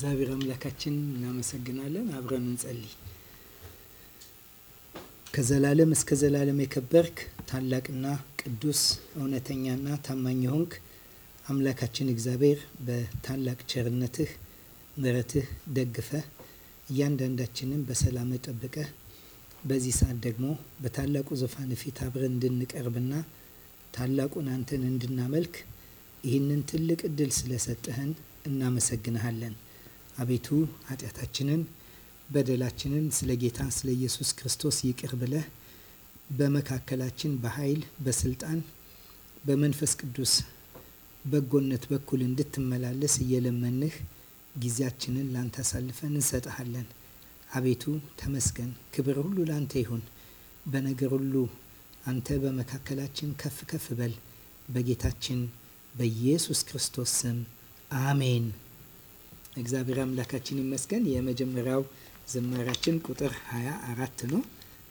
እግዚአብሔር አምላካችን እናመሰግናለን። አብረን እንጸልይ። ከዘላለም እስከ ዘላለም የከበርክ ታላቅና ቅዱስ እውነተኛና ታማኝ ሆንክ አምላካችን እግዚአብሔር በታላቅ ቸርነትህ፣ ምረትህ ደግፈ እያንዳንዳችንን በሰላም ጠብቀ በዚህ ሰዓት ደግሞ በታላቁ ዙፋን ፊት አብረን እንድንቀርብና ታላቁን አንተን እንድናመልክ ይህንን ትልቅ እድል ስለሰጠህን እናመሰግንሃለን። አቤቱ ኃጢአታችንን በደላችንን ስለ ጌታ ስለ ኢየሱስ ክርስቶስ ይቅር ብለህ በመካከላችን በኃይል በስልጣን በመንፈስ ቅዱስ በጎነት በኩል እንድትመላለስ እየለመንህ ጊዜያችንን ላንተ አሳልፈን እንሰጥሃለን። አቤቱ ተመስገን። ክብር ሁሉ ላንተ ይሁን። በነገር ሁሉ አንተ በመካከላችን ከፍ ከፍ በል። በጌታችን በኢየሱስ ክርስቶስ ስም አሜን። እግዚአብሔር አምላካችን ይመስገን። የመጀመሪያው ዝማሬያችን ቁጥር 24 ነው።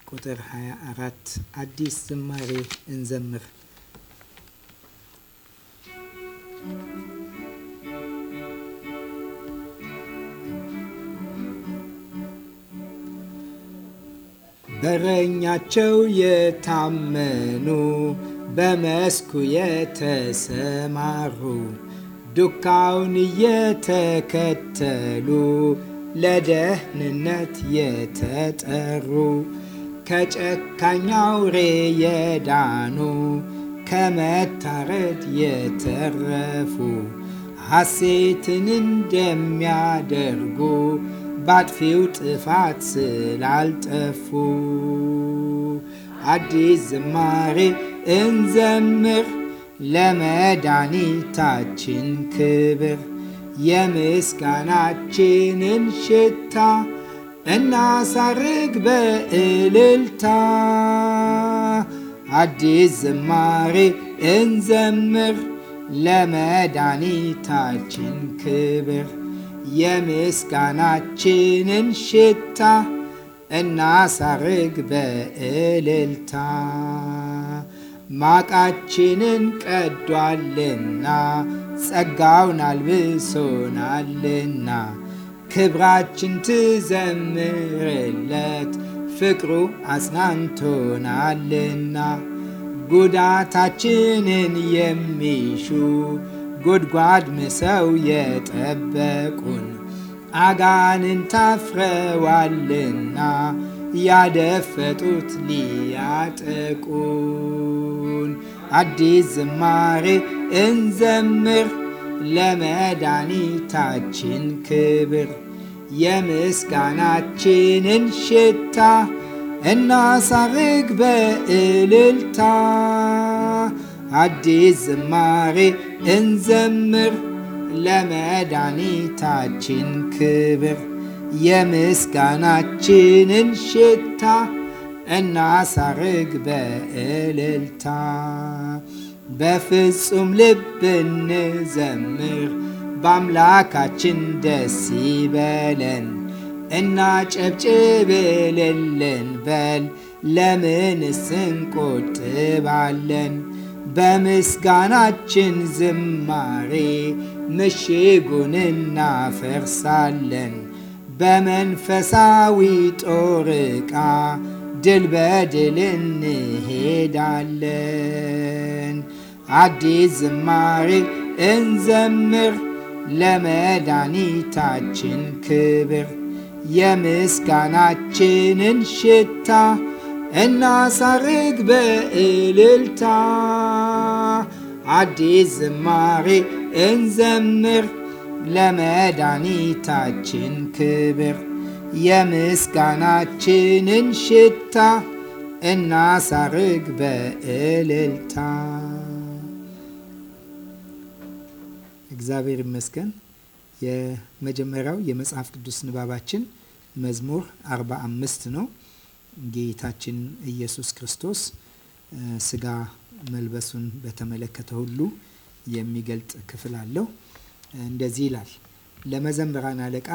ቁጥር 24 አዲስ ዝማሬ እንዘምር። በረኛቸው የታመኑ በመስኩ የተሰማሩ ዱካውን እየተከተሉ ለደህንነት የተጠሩ ከጨካኛው ሬ የዳኑ ከመታረድ የተረፉ ሐሴትን እንደሚያደርጉ ባጥፊው ጥፋት ስላልጠፉ አዲስ ዝማሬ እንዘምር ለመድኃኒታችን ክብር የምስጋናችንን ሽታ እናሳርግ በእልልታ። አዲስ ዝማሬ እንዘምር ለመድኃኒታችን ክብር የምስጋናችንን ሽታ እናሳርግ በእልልታ። ማቃችንን ቀዷልና ጸጋውን አልብሶናልና ክብራችን ትዘምርለት ፍቅሩ አጽናንቶናልና ጉዳታችንን የሚሹ ጉድጓድ ምሰው የጠበቁን አጋንን ታፍረዋልና ያደፈጡት ሊያጠቁን ይሁን አዲስ ዝማሬ እንዘምር ለመድኃኒታችን ክብር የምስጋናችንን ሽታ እናሳርግ በእልልታ አዲስ ዝማሬ እንዘምር ለመድኃኒታችን ክብር የምስጋናችንን ሽታ እናሳርግ በእልልታ በፍጹም ልብ እንዘምር በአምላካችን ደስ ይበለን እና ጨብጭብልልን በል ለምንስ ስንቆጥባለን! በምስጋናችን ዝማሬ ምሽጉን እናፈርሳለን በመንፈሳዊ ጦር ዕቃ ድል በድል እንሄዳለን። አዲስ ዝማሬ እንዘምር ለመድኃኒታችን ክብር የምስጋናችንን ሽታ እናሳርግ በእልልታ። አዲስ ዝማሬ እንዘምር ለመድኃኒታችን ክብር የምስጋናችንን ሽታ እናሳርግ በእልልታ። እግዚአብሔር ይመስገን። የመጀመሪያው የመጽሐፍ ቅዱስ ንባባችን መዝሙር 45 ነው። ጌታችን ኢየሱስ ክርስቶስ ስጋ መልበሱን በተመለከተ ሁሉ የሚገልጥ ክፍል አለው። እንደዚህ ይላል። ለመዘምራን አለቃ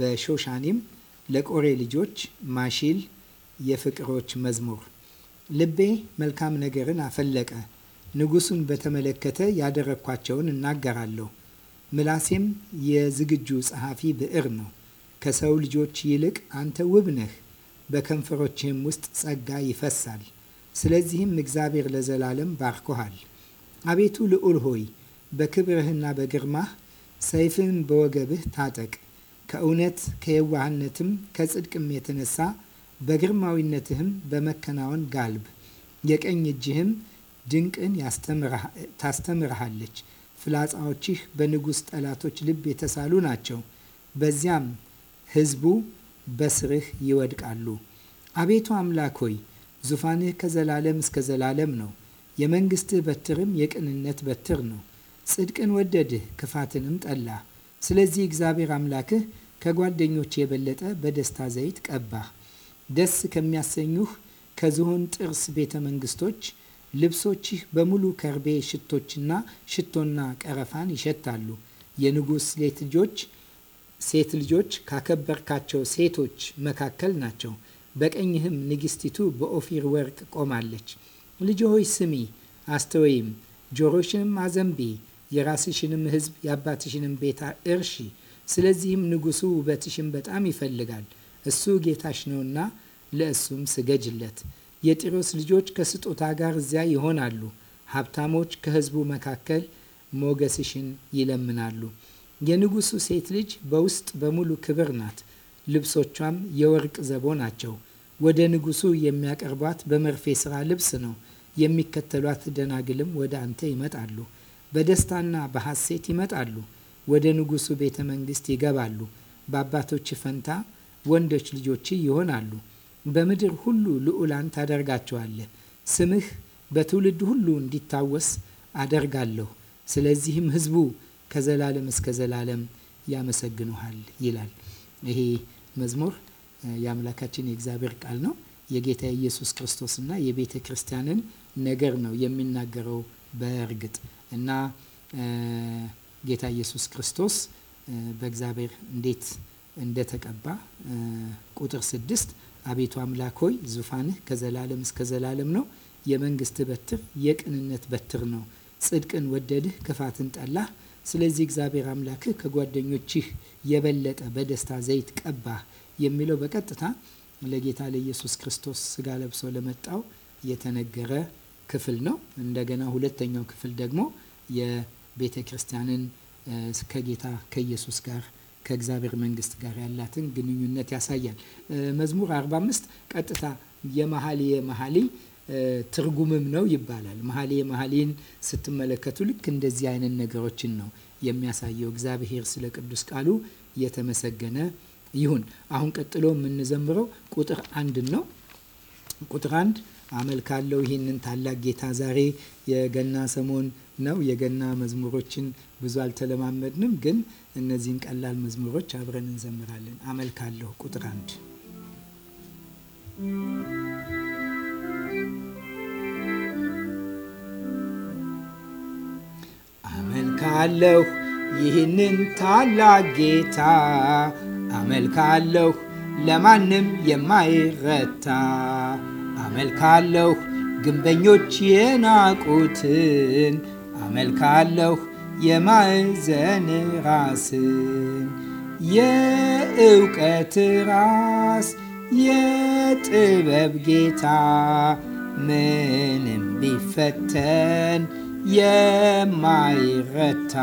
በሾሻኒም ለቆሬ ልጆች ማሺል የፍቅሮች መዝሙር። ልቤ መልካም ነገርን አፈለቀ፣ ንጉሱን በተመለከተ ያደረግኳቸውን እናገራለሁ። ምላሴም የዝግጁ ጸሐፊ ብዕር ነው። ከሰው ልጆች ይልቅ አንተ ውብ ነህ፣ በከንፈሮችህም ውስጥ ጸጋ ይፈሳል። ስለዚህም እግዚአብሔር ለዘላለም ባርኮሃል። አቤቱ ልዑል ሆይ በክብርህና በግርማህ ሰይፍህን በወገብህ ታጠቅ። ከእውነት ከየዋህነትም ከጽድቅም የተነሳ በግርማዊነትህም በመከናወን ጋልብ። የቀኝ እጅህም ድንቅን ታስተምርሃለች። ፍላጻዎችህ በንጉሥ ጠላቶች ልብ የተሳሉ ናቸው። በዚያም ሕዝቡ በስርህ ይወድቃሉ። አቤቱ አምላክ ሆይ ዙፋንህ ከዘላለም እስከ ዘላለም ነው። የመንግሥትህ በትርም የቅንነት በትር ነው። ጽድቅን ወደድህ፣ ክፋትንም ጠላህ። ስለዚህ እግዚአብሔር አምላክህ ከጓደኞች የበለጠ በደስታ ዘይት ቀባህ። ደስ ከሚያሰኙህ ከዝሆን ጥርስ ቤተ መንግስቶች ልብሶችህ በሙሉ ከርቤ ሽቶችና ሽቶና ቀረፋን ይሸታሉ። የንጉሥ ሴት ልጆች ሴት ልጆች ካከበርካቸው ሴቶች መካከል ናቸው። በቀኝህም ንግስቲቱ በኦፊር ወርቅ ቆማለች። ልጅ ሆይ ስሚ አስተወይም፣ ጆሮሽንም አዘንቢ፣ የራስሽንም ሕዝብ የአባትሽንም ቤታ እርሺ ስለዚህም ንጉሱ ውበትሽን በጣም ይፈልጋል፣ እሱ ጌታሽ ነውና ለእሱም ስገጅለት። የጢሮስ ልጆች ከስጦታ ጋር እዚያ ይሆናሉ። ሀብታሞች ከህዝቡ መካከል ሞገስሽን ይለምናሉ። የንጉሱ ሴት ልጅ በውስጥ በሙሉ ክብር ናት፣ ልብሶቿም የወርቅ ዘቦ ናቸው። ወደ ንጉሱ የሚያቀርቧት በመርፌ ስራ ልብስ ነው። የሚከተሏት ደናግልም ወደ አንተ ይመጣሉ፣ በደስታና በሐሴት ይመጣሉ። ወደ ንጉሱ ቤተ መንግስት ይገባሉ። በአባቶች ፈንታ ወንዶች ልጆች ይሆናሉ። በምድር ሁሉ ልዑላን ታደርጋቸዋለህ። ስምህ በትውልድ ሁሉ እንዲታወስ አደርጋለሁ። ስለዚህም ህዝቡ ከዘላለም እስከ ዘላለም ያመሰግኑሃል ይላል። ይሄ መዝሙር የአምላካችን የእግዚአብሔር ቃል ነው። የጌታ ኢየሱስ ክርስቶስና የቤተ ክርስቲያንን ነገር ነው የሚናገረው በእርግጥ እና ጌታ ኢየሱስ ክርስቶስ በእግዚአብሔር እንዴት እንደተቀባ ቁጥር ስድስት አቤቱ አምላክ ሆይ ዙፋንህ ከዘላለም እስከ ዘላለም ነው። የመንግስት በትር የቅንነት በትር ነው። ጽድቅን ወደድህ፣ ክፋትን ጠላህ። ስለዚህ እግዚአብሔር አምላክህ ከጓደኞችህ የበለጠ በደስታ ዘይት ቀባህ የሚለው በቀጥታ ለጌታ ለኢየሱስ ክርስቶስ ስጋ ለብሶ ለመጣው የተነገረ ክፍል ነው። እንደገና ሁለተኛው ክፍል ደግሞ ቤተ ክርስቲያንን ከጌታ ከኢየሱስ ጋር ከእግዚአብሔር መንግስት ጋር ያላትን ግንኙነት ያሳያል። መዝሙር 45 ቀጥታ የመሀል መኃልይ ትርጉምም ነው ይባላል። መኃልየ መኃልይን ስትመለከቱ ልክ እንደዚህ አይነት ነገሮችን ነው የሚያሳየው። እግዚአብሔር ስለ ቅዱስ ቃሉ የተመሰገነ ይሁን። አሁን ቀጥሎ የምንዘምረው ቁጥር አንድ ነው። ቁጥር አንድ አመልካለሁ ይህንን ታላቅ ጌታ ዛሬ የገና ሰሞን ነው። የገና መዝሙሮችን ብዙ አልተለማመድንም፣ ግን እነዚህን ቀላል መዝሙሮች አብረን እንዘምራለን። አመልካለሁ ቁጥር አንድ አመልካለሁ ይህንን ታላቅ ጌታ አመልካለሁ ለማንም የማይረታ አመልካለሁ ግንበኞች የናቁትን አመልካለሁ የማዕዘን ራስን የእውቀት ራስ የጥበብ ጌታ ምንም ቢፈተን የማይረታ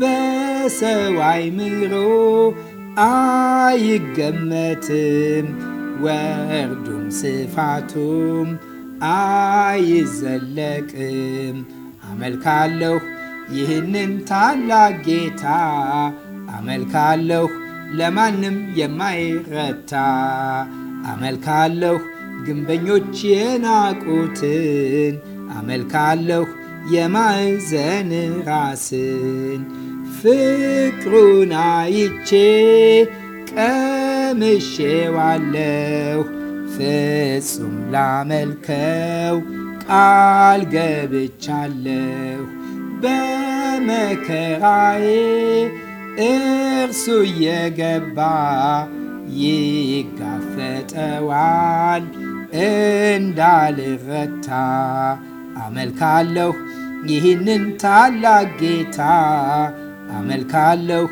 በሰው አእምሮ አይገመትም ወርዱም ስፋቱም አይዘለቅም። አመልካለሁ ይህንን ታላቅ ጌታ አመልካለሁ ለማንም የማይረታ አመልካለሁ ግንበኞች የናቁትን አመልካለሁ የማዕዘን ራስን ፍቅሩን አይቼ ቀምሼዋለሁ ፍጹም ላመልከው ቃል ገብቻለሁ በመከራዬ እርሱ እየገባ ይጋፈጠዋል እንዳልረታ አመልካለሁ ይህንን ታላቅ ጌታ አመልካለሁ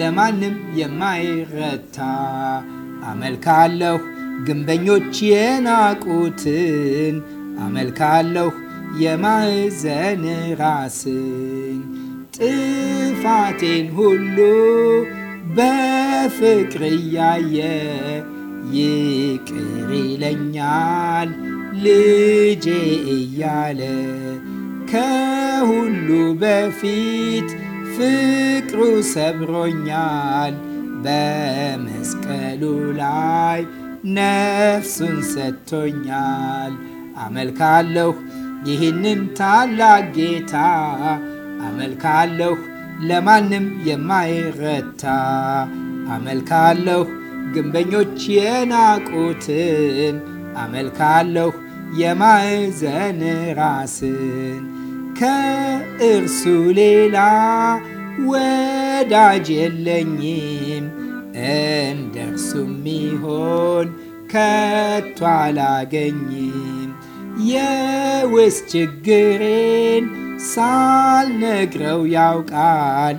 ለማንም የማይረታ አመልካለሁ ግንበኞች የናቁትን አመልካለሁ የማዕዘን ራስን ጥፋቴን ሁሉ በፍቅር እያየ ይቅር ይለኛል ልጄ እያለ ከሁሉ በፊት ፍቅሩ ሰብሮኛል በመስቀሉ ላይ ነፍሱን ሰጥቶኛል። አመልካለሁ ይህንን ታላቅ ጌታ አመልካለሁ ለማንም የማይረታ አመልካለሁ ግንበኞች የናቁትን አመልካለሁ የማዕዘን ራስን ከእርሱ ሌላ ወዳጅ የለኝም እንደ እርሱ ሚሆን ከቶ አላገኝም። የውስጥ ችግሬን ሳልነግረው ያውቃል።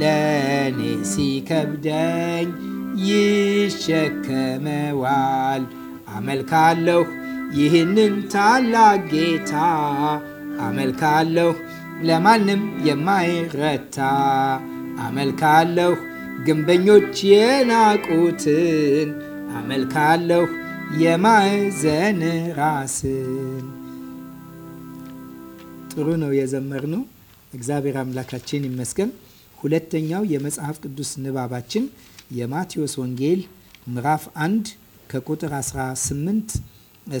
ለእኔ ሲከብደኝ ይሸከመዋል። አመልካለሁ ይህንን ታላቅ ጌታ አመልካለሁ ለማንም የማይረታ አመልካለሁ ግንበኞች የናቁትን አመልካለሁ የማዕዘን ራስ ጥሩ ነው የዘመርነው። እግዚአብሔር አምላካችን ይመስገን። ሁለተኛው የመጽሐፍ ቅዱስ ንባባችን የማቴዎስ ወንጌል ምዕራፍ 1 ከቁጥር 18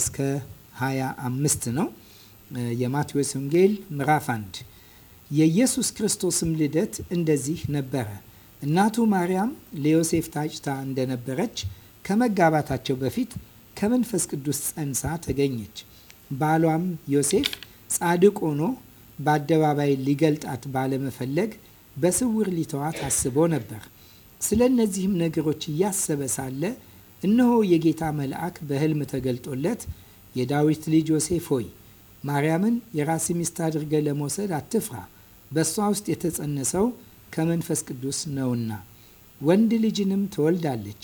እስከ 25 ነው። የማቴዎስ ወንጌል ምዕራፍ 1 የኢየሱስ ክርስቶስም ልደት እንደዚህ ነበረ። እናቱ ማርያም ለዮሴፍ ታጭታ እንደነበረች ከመጋባታቸው በፊት ከመንፈስ ቅዱስ ጸንሳ ተገኘች። ባሏም ዮሴፍ ጻድቅ ሆኖ በአደባባይ ሊገልጣት ባለመፈለግ በስውር ሊተዋት አስቦ ነበር። ስለ እነዚህም ነገሮች እያሰበ ሳለ እነሆ የጌታ መልአክ በሕልም ተገልጦለት የዳዊት ልጅ ዮሴፍ ሆይ ማርያምን የራስ ሚስት አድርገ ለመውሰድ አትፍራ፣ በእሷ ውስጥ የተጸነሰው ከመንፈስ ቅዱስ ነውና ወንድ ልጅንም ትወልዳለች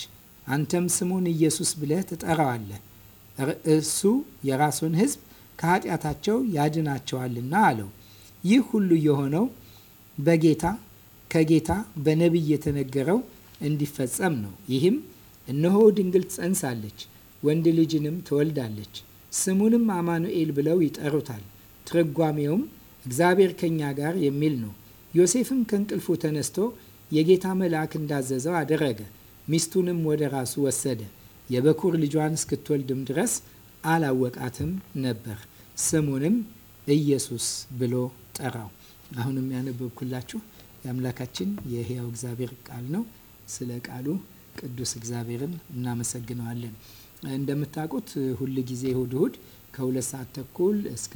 አንተም ስሙን ኢየሱስ ብለህ ትጠራዋለህ፣ እሱ የራሱን ሕዝብ ከኃጢአታቸው ያድናቸዋልና አለው። ይህ ሁሉ የሆነው በጌታ ከጌታ በነቢይ የተነገረው እንዲፈጸም ነው። ይህም እነሆ ድንግል ትጸንሳለች፣ ወንድ ልጅንም ትወልዳለች፣ ስሙንም አማኑኤል ብለው ይጠሩታል። ትርጓሜውም እግዚአብሔር ከኛ ጋር የሚል ነው። ዮሴፍም ከእንቅልፉ ተነስቶ የጌታ መልአክ እንዳዘዘው አደረገ። ሚስቱንም ወደ ራሱ ወሰደ። የበኩር ልጇን እስክትወልድም ድረስ አላወቃትም ነበር። ስሙንም ኢየሱስ ብሎ ጠራው። አሁንም ያነበብኩላችሁ የአምላካችን የሕያው እግዚአብሔር ቃል ነው። ስለ ቃሉ ቅዱስ እግዚአብሔርን እናመሰግነዋለን። እንደምታውቁት ሁል ጊዜ እሁድ እሁድ ከሁለት ሰዓት ተኩል እስከ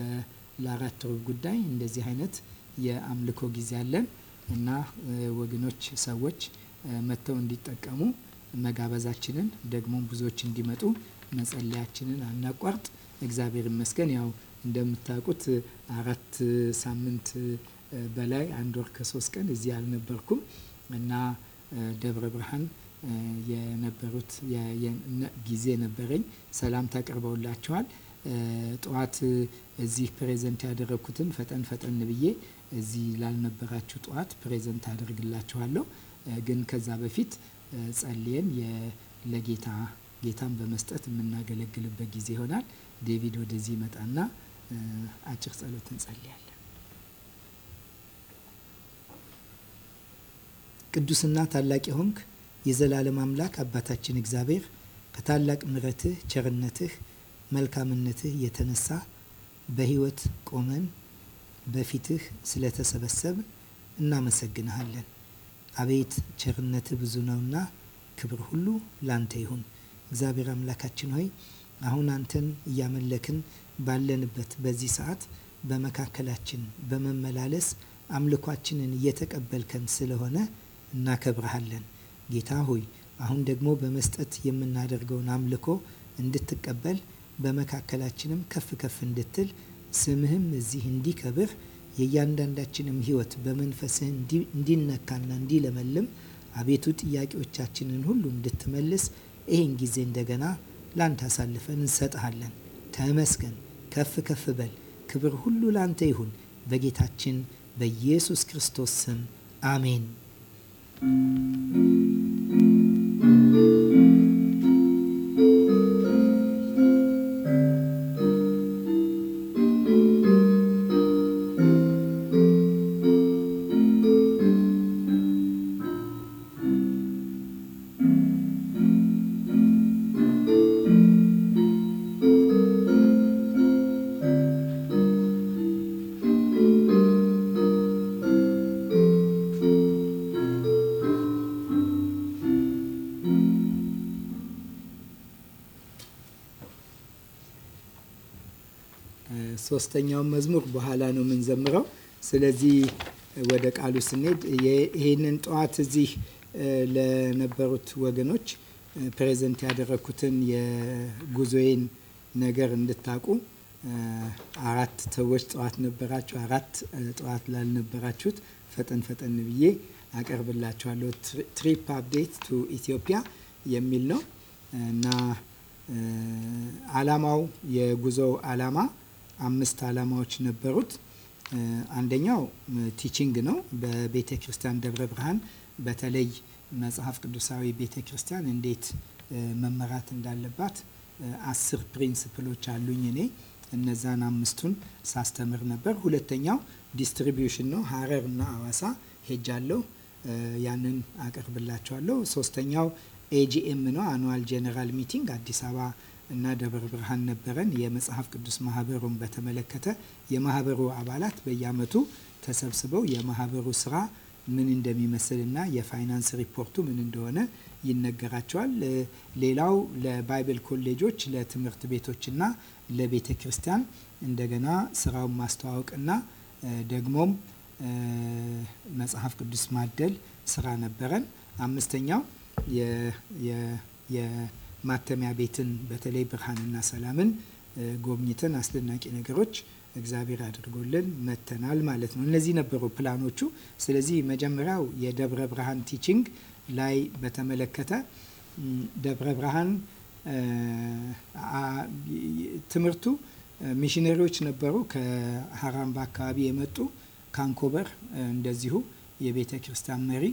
ለአራት ሩብ ጉዳይ እንደዚህ አይነት የአምልኮ ጊዜ አለን እና ወገኖች ሰዎች መጥተው እንዲጠቀሙ መጋበዛችንን ደግሞ ብዙዎች እንዲመጡ መጸለያችንን አናቋርጥ። እግዚአብሔር ይመስገን። ያው እንደምታውቁት አራት ሳምንት በላይ አንድ ወር ከሶስት ቀን እዚህ አልነበርኩም እና ደብረ ብርሃን የነበሩት ጊዜ ነበረኝ። ሰላም ቀርበውላችኋል። ጠዋት እዚህ ፕሬዘንት ያደረግኩትን ፈጠን ፈጠን ብዬ እዚህ ላልነበራችሁ ጠዋት ፕሬዘንት አደርግላችኋለሁ። ግን ከዛ በፊት ጸልየን ለጌታ ጌታን በመስጠት የምናገለግልበት ጊዜ ይሆናል። ዴቪድ ወደዚህ ይመጣና አጭር ጸሎት እንጸልያለን። ቅዱስና ታላቅ የሆንክ የዘላለም አምላክ አባታችን እግዚአብሔር ከታላቅ ምረትህ ቸርነትህ፣ መልካምነትህ የተነሳ በህይወት ቆመን በፊትህ ስለተሰበሰብ እናመሰግንሃለን። አቤት ቸርነት ብዙ ነውና ክብር ሁሉ ላንተ ይሁን። እግዚአብሔር አምላካችን ሆይ አሁን አንተን እያመለክን ባለንበት በዚህ ሰዓት በመካከላችን በመመላለስ አምልኳችንን እየተቀበልከን ስለሆነ እናከብረሃለን። ጌታ ሆይ አሁን ደግሞ በመስጠት የምናደርገውን አምልኮ እንድትቀበል በመካከላችንም ከፍ ከፍ እንድትል ስምህም እዚህ እንዲከብር የእያንዳንዳችንም ህይወት በመንፈስህ እንዲነካና እንዲለመልም አቤቱ ጥያቄዎቻችንን ሁሉ እንድትመልስ ይህን ጊዜ እንደገና ላንተ አሳልፈን እንሰጥሃለን። ተመስገን፣ ከፍ ከፍ በል፣ ክብር ሁሉ ላንተ ይሁን። በጌታችን በኢየሱስ ክርስቶስ ስም አሜን። ሶስተኛውን መዝሙር በኋላ ነው የምንዘምረው። ስለዚህ ወደ ቃሉ ስንሄድ ይህንን ጠዋት እዚህ ለነበሩት ወገኖች ፕሬዘንት ያደረግኩትን የጉዞዬን ነገር እንድታቁ አራት ሰዎች ጠዋት ነበራችሁ፣ አራት ጠዋት ላልነበራችሁት ፈጠን ፈጠን ብዬ አቀርብላችኋለሁ። ትሪፕ አፕዴት ቱ ኢትዮጵያ የሚል ነው እና አላማው የጉዞው አላማ አምስት ዓላማዎች ነበሩት። አንደኛው ቲቺንግ ነው። በቤተ ክርስቲያን ደብረ ብርሃን በተለይ መጽሐፍ ቅዱሳዊ ቤተ ክርስቲያን እንዴት መመራት እንዳለባት አስር ፕሪንስፕሎች አሉኝ እኔ እነዛን አምስቱን ሳስተምር ነበር። ሁለተኛው ዲስትሪቢዩሽን ነው። ሀረር እና አዋሳ ሄጃለሁ። ያንን አቀርብላቸዋለሁ። ሶስተኛው ኤጂኤም ነው፣ አኑዋል ጄኔራል ሚቲንግ አዲስ አበባ እና ደብረ ብርሃን ነበረን። የመጽሐፍ ቅዱስ ማህበሩን በተመለከተ የማህበሩ አባላት በየአመቱ ተሰብስበው የማህበሩ ስራ ምን እንደሚመስል እና የፋይናንስ ሪፖርቱ ምን እንደሆነ ይነገራቸዋል። ሌላው ለባይብል ኮሌጆች፣ ለትምህርት ቤቶችና ለቤተ ክርስቲያን እንደገና ስራውን ማስተዋወቅና ደግሞም መጽሐፍ ቅዱስ ማደል ስራ ነበረን። አምስተኛው ማተሚያ ቤትን በተለይ ብርሃንና ሰላምን ጎብኝተን አስደናቂ ነገሮች እግዚአብሔር አድርጎልን መተናል ማለት ነው። እነዚህ ነበሩ ፕላኖቹ። ስለዚህ መጀመሪያው የደብረ ብርሃን ቲችንግ ላይ በተመለከተ ደብረ ብርሃን ትምህርቱ ሚሽነሪዎች ነበሩ ከሀራምባ አካባቢ የመጡ ካንኮበር እንደዚሁ የቤተ ክርስቲያን መሪ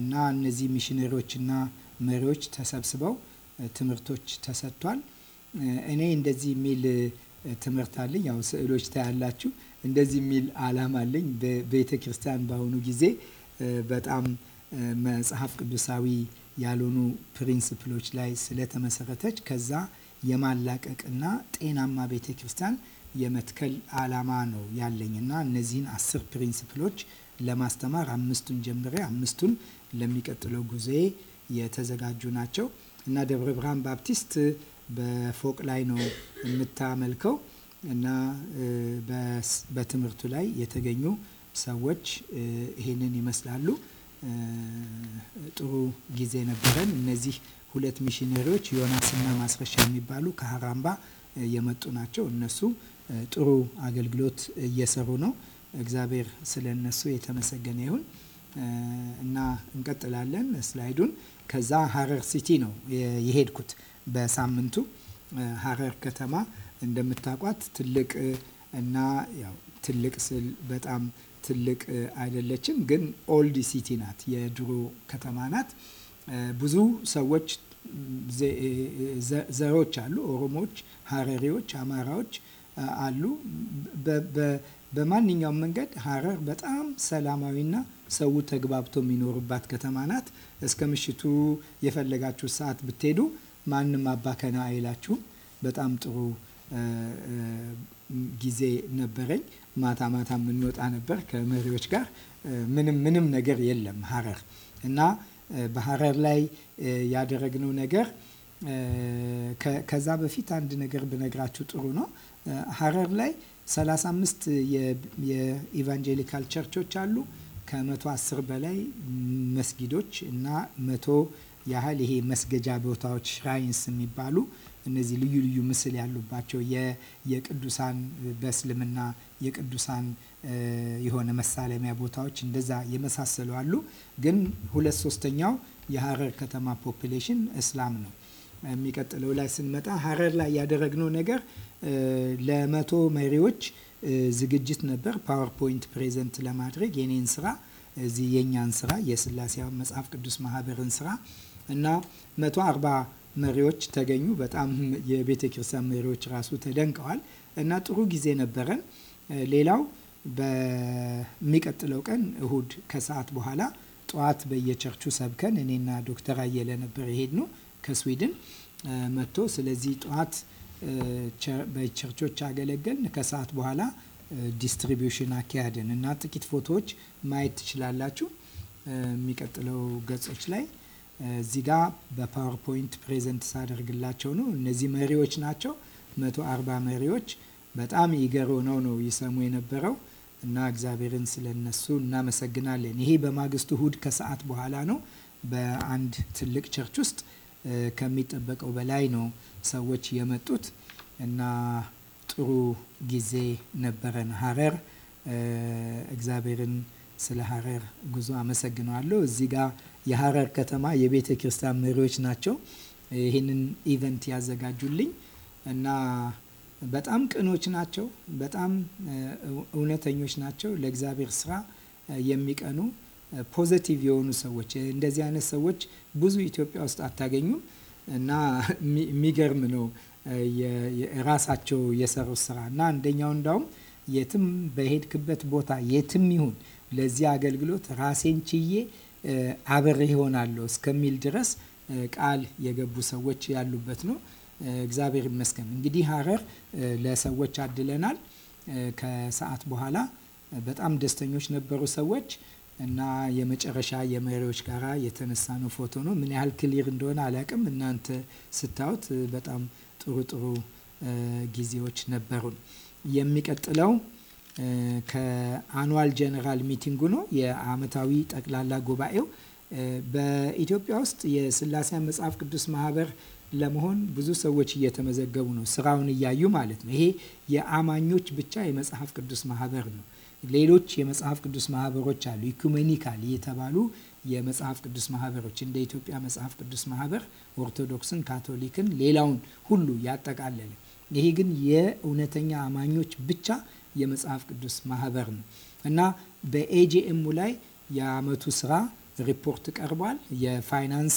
እና እነዚህ ሚሽነሪዎችና መሪዎች ተሰብስበው ትምህርቶች ተሰጥቷል። እኔ እንደዚህ የሚል ትምህርት አለኝ። ያው ስዕሎች ታያላችሁ። እንደዚህ የሚል አላማ አለኝ። በቤተ ክርስቲያን በአሁኑ ጊዜ በጣም መጽሐፍ ቅዱሳዊ ያልሆኑ ፕሪንስፕሎች ላይ ስለተመሰረተች ከዛ የማላቀቅና ጤናማ ቤተ ክርስቲያን የመትከል አላማ ነው ያለኝ እና እነዚህን አስር ፕሪንስፕሎች ለማስተማር አምስቱን ጀምሬ አምስቱን ለሚቀጥለው ጉዞዬ የተዘጋጁ ናቸው። እና ደብረ ብርሃን ባፕቲስት በፎቅ ላይ ነው የምታመልከው እና በትምህርቱ ላይ የተገኙ ሰዎች ይህንን ይመስላሉ። ጥሩ ጊዜ ነበረን። እነዚህ ሁለት ሚሽነሪዎች ዮናስና ማስረሻ የሚባሉ ከሀራምባ የመጡ ናቸው። እነሱ ጥሩ አገልግሎት እየሰሩ ነው። እግዚአብሔር ስለ እነሱ የተመሰገነ ይሁን እና እንቀጥላለን ስላይዱን ከዛ ሀረር ሲቲ ነው የሄድኩት በሳምንቱ ሀረር ከተማ እንደምታውቋት ትልቅ እና ያው ትልቅ ስል በጣም ትልቅ አይደለችም፣ ግን ኦልድ ሲቲ ናት፣ የድሮ ከተማ ናት። ብዙ ሰዎች ዘሮች አሉ። ኦሮሞዎች፣ ሀረሪዎች፣ አማራዎች አሉ። በማንኛውም መንገድ ሀረር በጣም ሰላማዊና ሰው ተግባብቶ የሚኖርባት ከተማ ናት። እስከ ምሽቱ የፈለጋችሁ ሰዓት ብትሄዱ ማንም አባከና አይላችሁም። በጣም ጥሩ ጊዜ ነበረኝ። ማታ ማታ የምንወጣ ነበር ከመሪዎች ጋር። ምንም ምንም ነገር የለም ሀረር እና በሀረር ላይ ያደረግነው ነገር ከዛ በፊት አንድ ነገር ብነግራችሁ ጥሩ ነው። ሀረር ላይ 35 የኢቫንጀሊካል ቸርቾች አሉ። ከመቶ አስር በላይ መስጊዶች እና መቶ ያህል ይሄ መስገጃ ቦታዎች ሽራይንስ የሚባሉ እነዚህ ልዩ ልዩ ምስል ያሉባቸው የቅዱሳን በእስልምና የቅዱሳን የሆነ መሳለሚያ ቦታዎች እንደዛ የመሳሰሉ አሉ። ግን ሁለት ሶስተኛው የሀረር ከተማ ፖፕሌሽን እስላም ነው። የሚቀጥለው ላይ ስንመጣ ሀረር ላይ ያደረግነው ነገር ለመቶ መሪዎች ዝግጅት ነበር ፓወርፖይንት ፕሬዘንት ለማድረግ የኔን ስራ እዚህ የእኛን ስራ የስላሴ መጽሐፍ ቅዱስ ማህበርን ስራ እና 140 መሪዎች ተገኙ። በጣም የቤተ ክርስቲያን መሪዎች ራሱ ተደንቀዋል እና ጥሩ ጊዜ ነበረን። ሌላው በሚቀጥለው ቀን እሁድ ከሰዓት በኋላ ጠዋት በየቸርቹ ሰብከን እኔና ዶክተር አየለ ነበር የሄድ ከስዊድን መጥቶ ስለዚህ ጠዋት በቸርቾች አገለገልን። ከሰዓት በኋላ ዲስትሪቢሽን አካሄድን እና ጥቂት ፎቶዎች ማየት ትችላላችሁ የሚቀጥለው ገጾች ላይ እዚህ ጋ በፓወርፖይንት ፕሬዘንት ሳደርግላቸው ነው። እነዚህ መሪዎች ናቸው። መቶ አርባ መሪዎች በጣም ይገር ሆነው ነው ይሰሙ የነበረው እና እግዚአብሔርን ስለነሱ እናመሰግናለን። ይሄ በማግስቱ እሁድ ከሰዓት በኋላ ነው በአንድ ትልቅ ቸርች ውስጥ ከሚጠበቀው በላይ ነው ሰዎች የመጡት እና ጥሩ ጊዜ ነበረን። ሀረር እግዚአብሔርን ስለ ሀረር ጉዞ አመሰግነዋለሁ። እዚህ ጋ የሀረር ከተማ የቤተ ክርስቲያን መሪዎች ናቸው ይህንን ኢቨንት ያዘጋጁልኝ እና በጣም ቅኖች ናቸው። በጣም እውነተኞች ናቸው። ለእግዚአብሔር ስራ የሚቀኑ ፖዘቲቭ የሆኑ ሰዎች እንደዚህ አይነት ሰዎች ብዙ ኢትዮጵያ ውስጥ አታገኙም እና የሚገርም ነው ራሳቸው የሰሩት ስራ እና አንደኛው እንዳውም የትም በሄድክበት ቦታ የትም ይሁን ለዚህ አገልግሎት ራሴን ችዬ አብሬ ይሆናለሁ እስከሚል ድረስ ቃል የገቡ ሰዎች ያሉበት ነው። እግዚአብሔር ይመስገን። እንግዲህ ሀረር ለሰዎች አድለናል። ከሰዓት በኋላ በጣም ደስተኞች ነበሩ ሰዎች። እና የመጨረሻ የመሪዎች ጋር የተነሳ ነው ፎቶ ነው። ምን ያህል ክሊር እንደሆነ አላቅም። እናንተ ስታዩት በጣም ጥሩ ጥሩ ጊዜዎች ነበሩን። የሚቀጥለው ከአኑዋል ጀነራል ሚቲንጉ ነው፣ የአመታዊ ጠቅላላ ጉባኤው። በኢትዮጵያ ውስጥ የስላሴ መጽሐፍ ቅዱስ ማህበር ለመሆን ብዙ ሰዎች እየተመዘገቡ ነው፣ ስራውን እያዩ ማለት ነው። ይሄ የአማኞች ብቻ የመጽሐፍ ቅዱስ ማህበር ነው። ሌሎች የመጽሐፍ ቅዱስ ማህበሮች አሉ። ኢኩሜኒካል የተባሉ የመጽሐፍ ቅዱስ ማህበሮች እንደ ኢትዮጵያ መጽሐፍ ቅዱስ ማህበር ኦርቶዶክስን፣ ካቶሊክን፣ ሌላውን ሁሉ ያጠቃለለ። ይሄ ግን የእውነተኛ አማኞች ብቻ የመጽሐፍ ቅዱስ ማህበር ነው እና በኤጂኤሙ ላይ የአመቱ ስራ ሪፖርት ቀርቧል። የፋይናንስ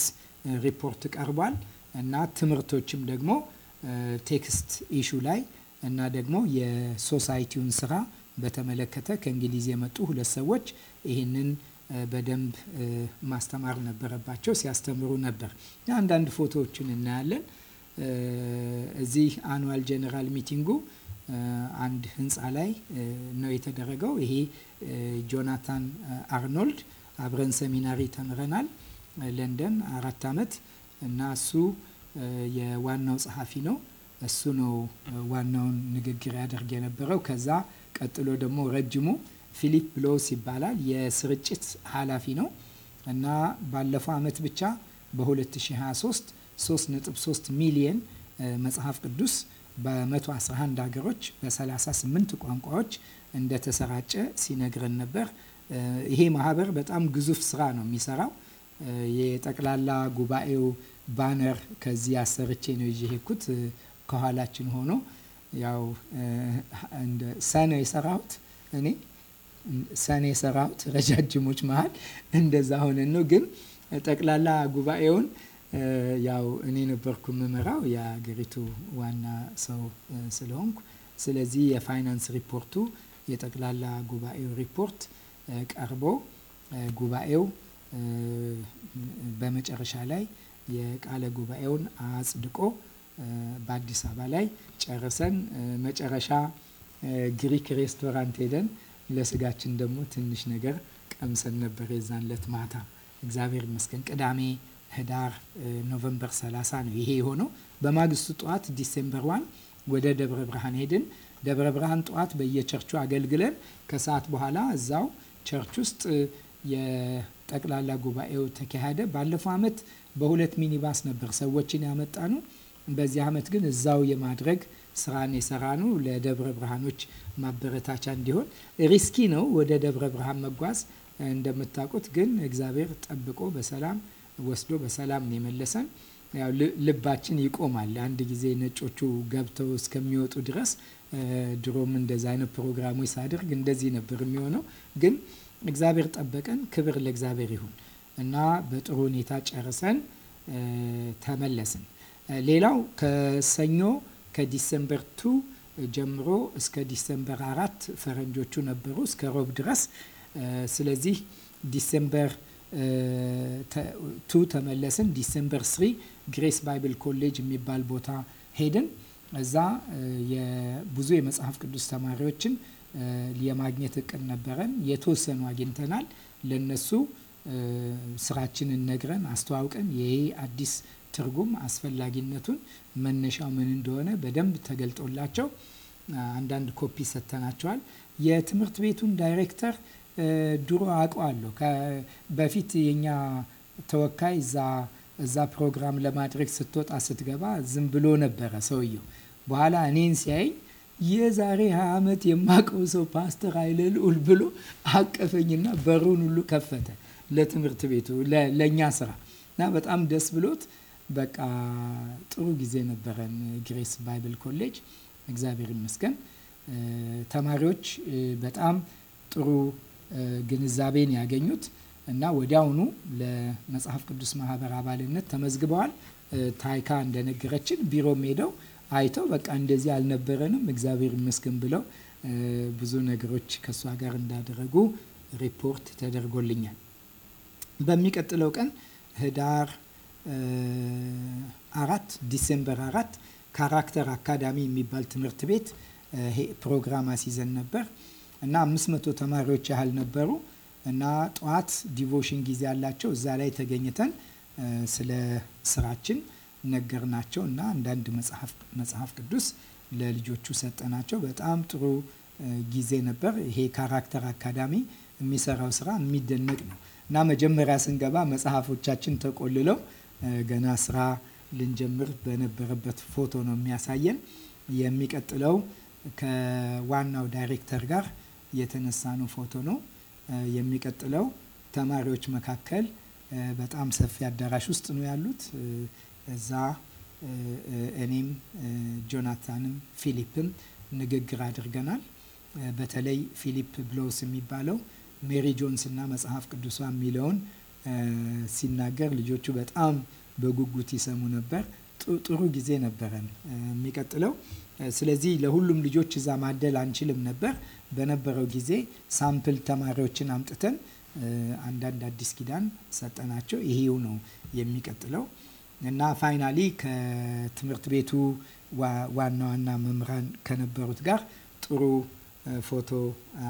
ሪፖርት ቀርቧል እና ትምህርቶችም ደግሞ ቴክስት ኢሹ ላይ እና ደግሞ የሶሳይቲውን ስራ በተመለከተ ከእንግሊዝ የመጡ ሁለት ሰዎች ይህንን በደንብ ማስተማር ነበረባቸው። ሲያስተምሩ ነበር። አንዳንድ ፎቶዎችን እናያለን። እዚህ አኑዋል ጀነራል ሚቲንጉ አንድ ህንፃ ላይ ነው የተደረገው። ይሄ ጆናታን አርኖልድ አብረን ሰሚናሪ ተምረናል ለንደን አራት አመት እና እሱ የዋናው ጸሐፊ ነው። እሱ ነው ዋናውን ንግግር ያደርግ የነበረው ከዛ ቀጥሎ ደግሞ ረጅሙ ፊሊፕ ብሎስ ይባላል። የስርጭት ኃላፊ ነው እና ባለፈው ዓመት ብቻ በ2023 3.3 ሚሊየን መጽሐፍ ቅዱስ በ111 ሀገሮች በ38 ቋንቋዎች እንደተሰራጨ ሲነግረን ነበር። ይሄ ማህበር በጣም ግዙፍ ስራ ነው የሚሰራው። የጠቅላላ ጉባኤው ባነር ከዚህ አሰርቼ ነው ይዤ ሄድኩት። ከኋላችን ሆኖ ያው እንደ ሰነ የሰራሁት እኔ ሰኔ የሰራሁት ረጃጅሞች መሀል እንደዛ ሆነን ነው። ግን ጠቅላላ ጉባኤውን ያው እኔ ነበርኩ የምመራው የሀገሪቱ ዋና ሰው ስለሆንኩ፣ ስለዚህ የፋይናንስ ሪፖርቱ የጠቅላላ ጉባኤው ሪፖርት ቀርቦ ጉባኤው በመጨረሻ ላይ የቃለ ጉባኤውን አጽድቆ በአዲስ አበባ ላይ ጨርሰን መጨረሻ ግሪክ ሬስቶራንት ሄደን ለስጋችን ደግሞ ትንሽ ነገር ቀምሰን ነበር የዛን ዕለት ማታ። እግዚአብሔር ይመስገን ቅዳሜ ህዳር ኖቨምበር 30 ነው ይሄ የሆነው። በማግስቱ ጠዋት ዲሴምበር ዋን ወደ ደብረ ብርሃን ሄድን። ደብረ ብርሃን ጠዋት በየቸርቹ አገልግለን ከሰዓት በኋላ እዛው ቸርች ውስጥ የጠቅላላ ጉባኤው ተካሄደ። ባለፈው ዓመት በሁለት ሚኒባስ ነበር ሰዎችን ያመጣ ነው። በዚህ ዓመት ግን እዛው የማድረግ ስራን የሰራ ነው። ለደብረ ብርሃኖች ማበረታቻ እንዲሆን ሪስኪ ነው ወደ ደብረ ብርሃን መጓዝ እንደምታውቁት፣ ግን እግዚአብሔር ጠብቆ በሰላም ወስዶ በሰላም የመለሰን። ያው ልባችን ይቆማል። አንድ ጊዜ ነጮቹ ገብተው እስከሚወጡ ድረስ ድሮም እንደዚ አይነት ፕሮግራሞች ሳደርግ እንደዚህ ነበር የሚሆነው። ግን እግዚአብሔር ጠበቀን። ክብር ለእግዚአብሔር ይሁን እና በጥሩ ሁኔታ ጨርሰን ተመለስን። ሌላው ከሰኞ ከዲሰምበር ቱ ጀምሮ እስከ ዲሰምበር አራት ፈረንጆቹ ነበሩ እስከ ሮብ ድረስ። ስለዚህ ዲሰምበር ቱ ተመለስን። ዲሰምበር ስሪ ግሬስ ባይብል ኮሌጅ የሚባል ቦታ ሄድን። እዛ ብዙ የመጽሐፍ ቅዱስ ተማሪዎችን የማግኘት እቅድ ነበረን። የተወሰኑ አግኝተናል። ለነሱ ስራችንን ነግረን አስተዋውቀን ይሄ አዲስ ትርጉም አስፈላጊነቱን መነሻው ምን እንደሆነ በደንብ ተገልጦላቸው አንዳንድ ኮፒ ሰጥተናቸዋል። የትምህርት ቤቱን ዳይሬክተር ድሮ አውቀዋለሁ። በፊት የኛ ተወካይ እዛ ፕሮግራም ለማድረግ ስትወጣ ስትገባ ዝም ብሎ ነበረ ሰውየው። በኋላ እኔን ሲያይ የዛሬ 20 ዓመት የማውቀው ሰው ፓስተር ኃይለ ልዑል ብሎ አቀፈኝና በሩን ሁሉ ከፈተ ለትምህርት ቤቱ ለእኛ ስራ እና በጣም ደስ ብሎት በቃ ጥሩ ጊዜ ነበረን። ግሬስ ባይብል ኮሌጅ እግዚአብሔር ይመስገን ተማሪዎች በጣም ጥሩ ግንዛቤን ያገኙት እና ወዲያውኑ ለመጽሐፍ ቅዱስ ማህበር አባልነት ተመዝግበዋል። ታይካ እንደነገረችን ቢሮም ሄደው አይተው በቃ እንደዚህ አልነበረንም እግዚአብሔር ይመስገን ብለው ብዙ ነገሮች ከእሷ ጋር እንዳደረጉ ሪፖርት ተደርጎልኛል። በሚቀጥለው ቀን ህዳር አራት ዲሴምበር አራት ካራክተር አካዳሚ የሚባል ትምህርት ቤት ፕሮግራም አስይዘን ነበር እና አምስት መቶ ተማሪዎች ያህል ነበሩ እና ጠዋት ዲቮሽን ጊዜ ያላቸው እዛ ላይ ተገኝተን ስለ ስራችን ነገርናቸው እና አንዳንድ መጽሐፍ ቅዱስ ለልጆቹ ሰጠናቸው። በጣም ጥሩ ጊዜ ነበር። ይሄ ካራክተር አካዳሚ የሚሰራው ስራ የሚደነቅ ነው እና መጀመሪያ ስንገባ መጽሐፎቻችን ተቆልለው ገና ስራ ልንጀምር በነበረበት ፎቶ ነው የሚያሳየን። የሚቀጥለው ከዋናው ዳይሬክተር ጋር የተነሳነው ፎቶ ነው። የሚቀጥለው ተማሪዎች መካከል በጣም ሰፊ አዳራሽ ውስጥ ነው ያሉት። እዛ እኔም ጆናታንም ፊሊፕም ንግግር አድርገናል። በተለይ ፊሊፕ ብሎውስ የሚባለው ሜሪ ጆንስ እና መጽሐፍ ቅዱሷ የሚለውን ሲናገር ልጆቹ በጣም በጉጉት ይሰሙ ነበር። ጥሩ ጊዜ ነበረን። የሚቀጥለው ስለዚህ ለሁሉም ልጆች እዛ ማደል አንችልም ነበር። በነበረው ጊዜ ሳምፕል ተማሪዎችን አምጥተን አንዳንድ አዲስ ኪዳን ሰጠናቸው። ይሄው ነው የሚቀጥለው እና ፋይናሊ ከትምህርት ቤቱ ዋና ዋና መምህራን ከነበሩት ጋር ጥሩ ፎቶ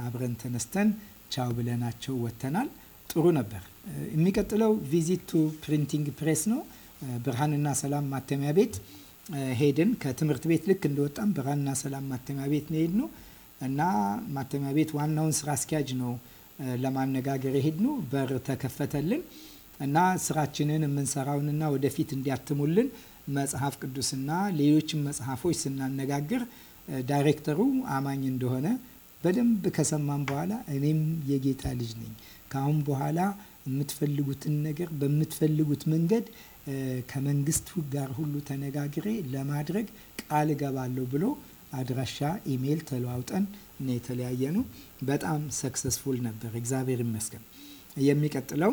አብረን ተነስተን ቻው ብለናቸው ወጥተናል። ጥሩ ነበር። የሚቀጥለው ቪዚት ቱ ፕሪንቲንግ ፕሬስ ነው። ብርሃንና ሰላም ማተሚያ ቤት ሄድን። ከትምህርት ቤት ልክ እንደወጣም ብርሃንና ሰላም ማተሚያ ቤት ነው የሄድነው እና ማተሚያ ቤት ዋናውን ስራ አስኪያጅ ነው ለማነጋገር የሄድነው። በር ተከፈተልን እና ስራችንን የምንሰራውንና ወደፊት እንዲያትሙልን መጽሐፍ ቅዱስና ሌሎችን መጽሐፎች ስናነጋግር ዳይሬክተሩ አማኝ እንደሆነ በደንብ ከሰማን በኋላ እኔም የጌታ ልጅ ነኝ ከአሁን በኋላ የምትፈልጉትን ነገር በምትፈልጉት መንገድ ከመንግስቱ ጋር ሁሉ ተነጋግሬ ለማድረግ ቃል እገባለሁ ብሎ አድራሻ ኢሜይል ተለዋውጠን እና የተለያየ ነው። በጣም ሰክሰስፉል ነበር፣ እግዚአብሔር ይመስገን። የሚቀጥለው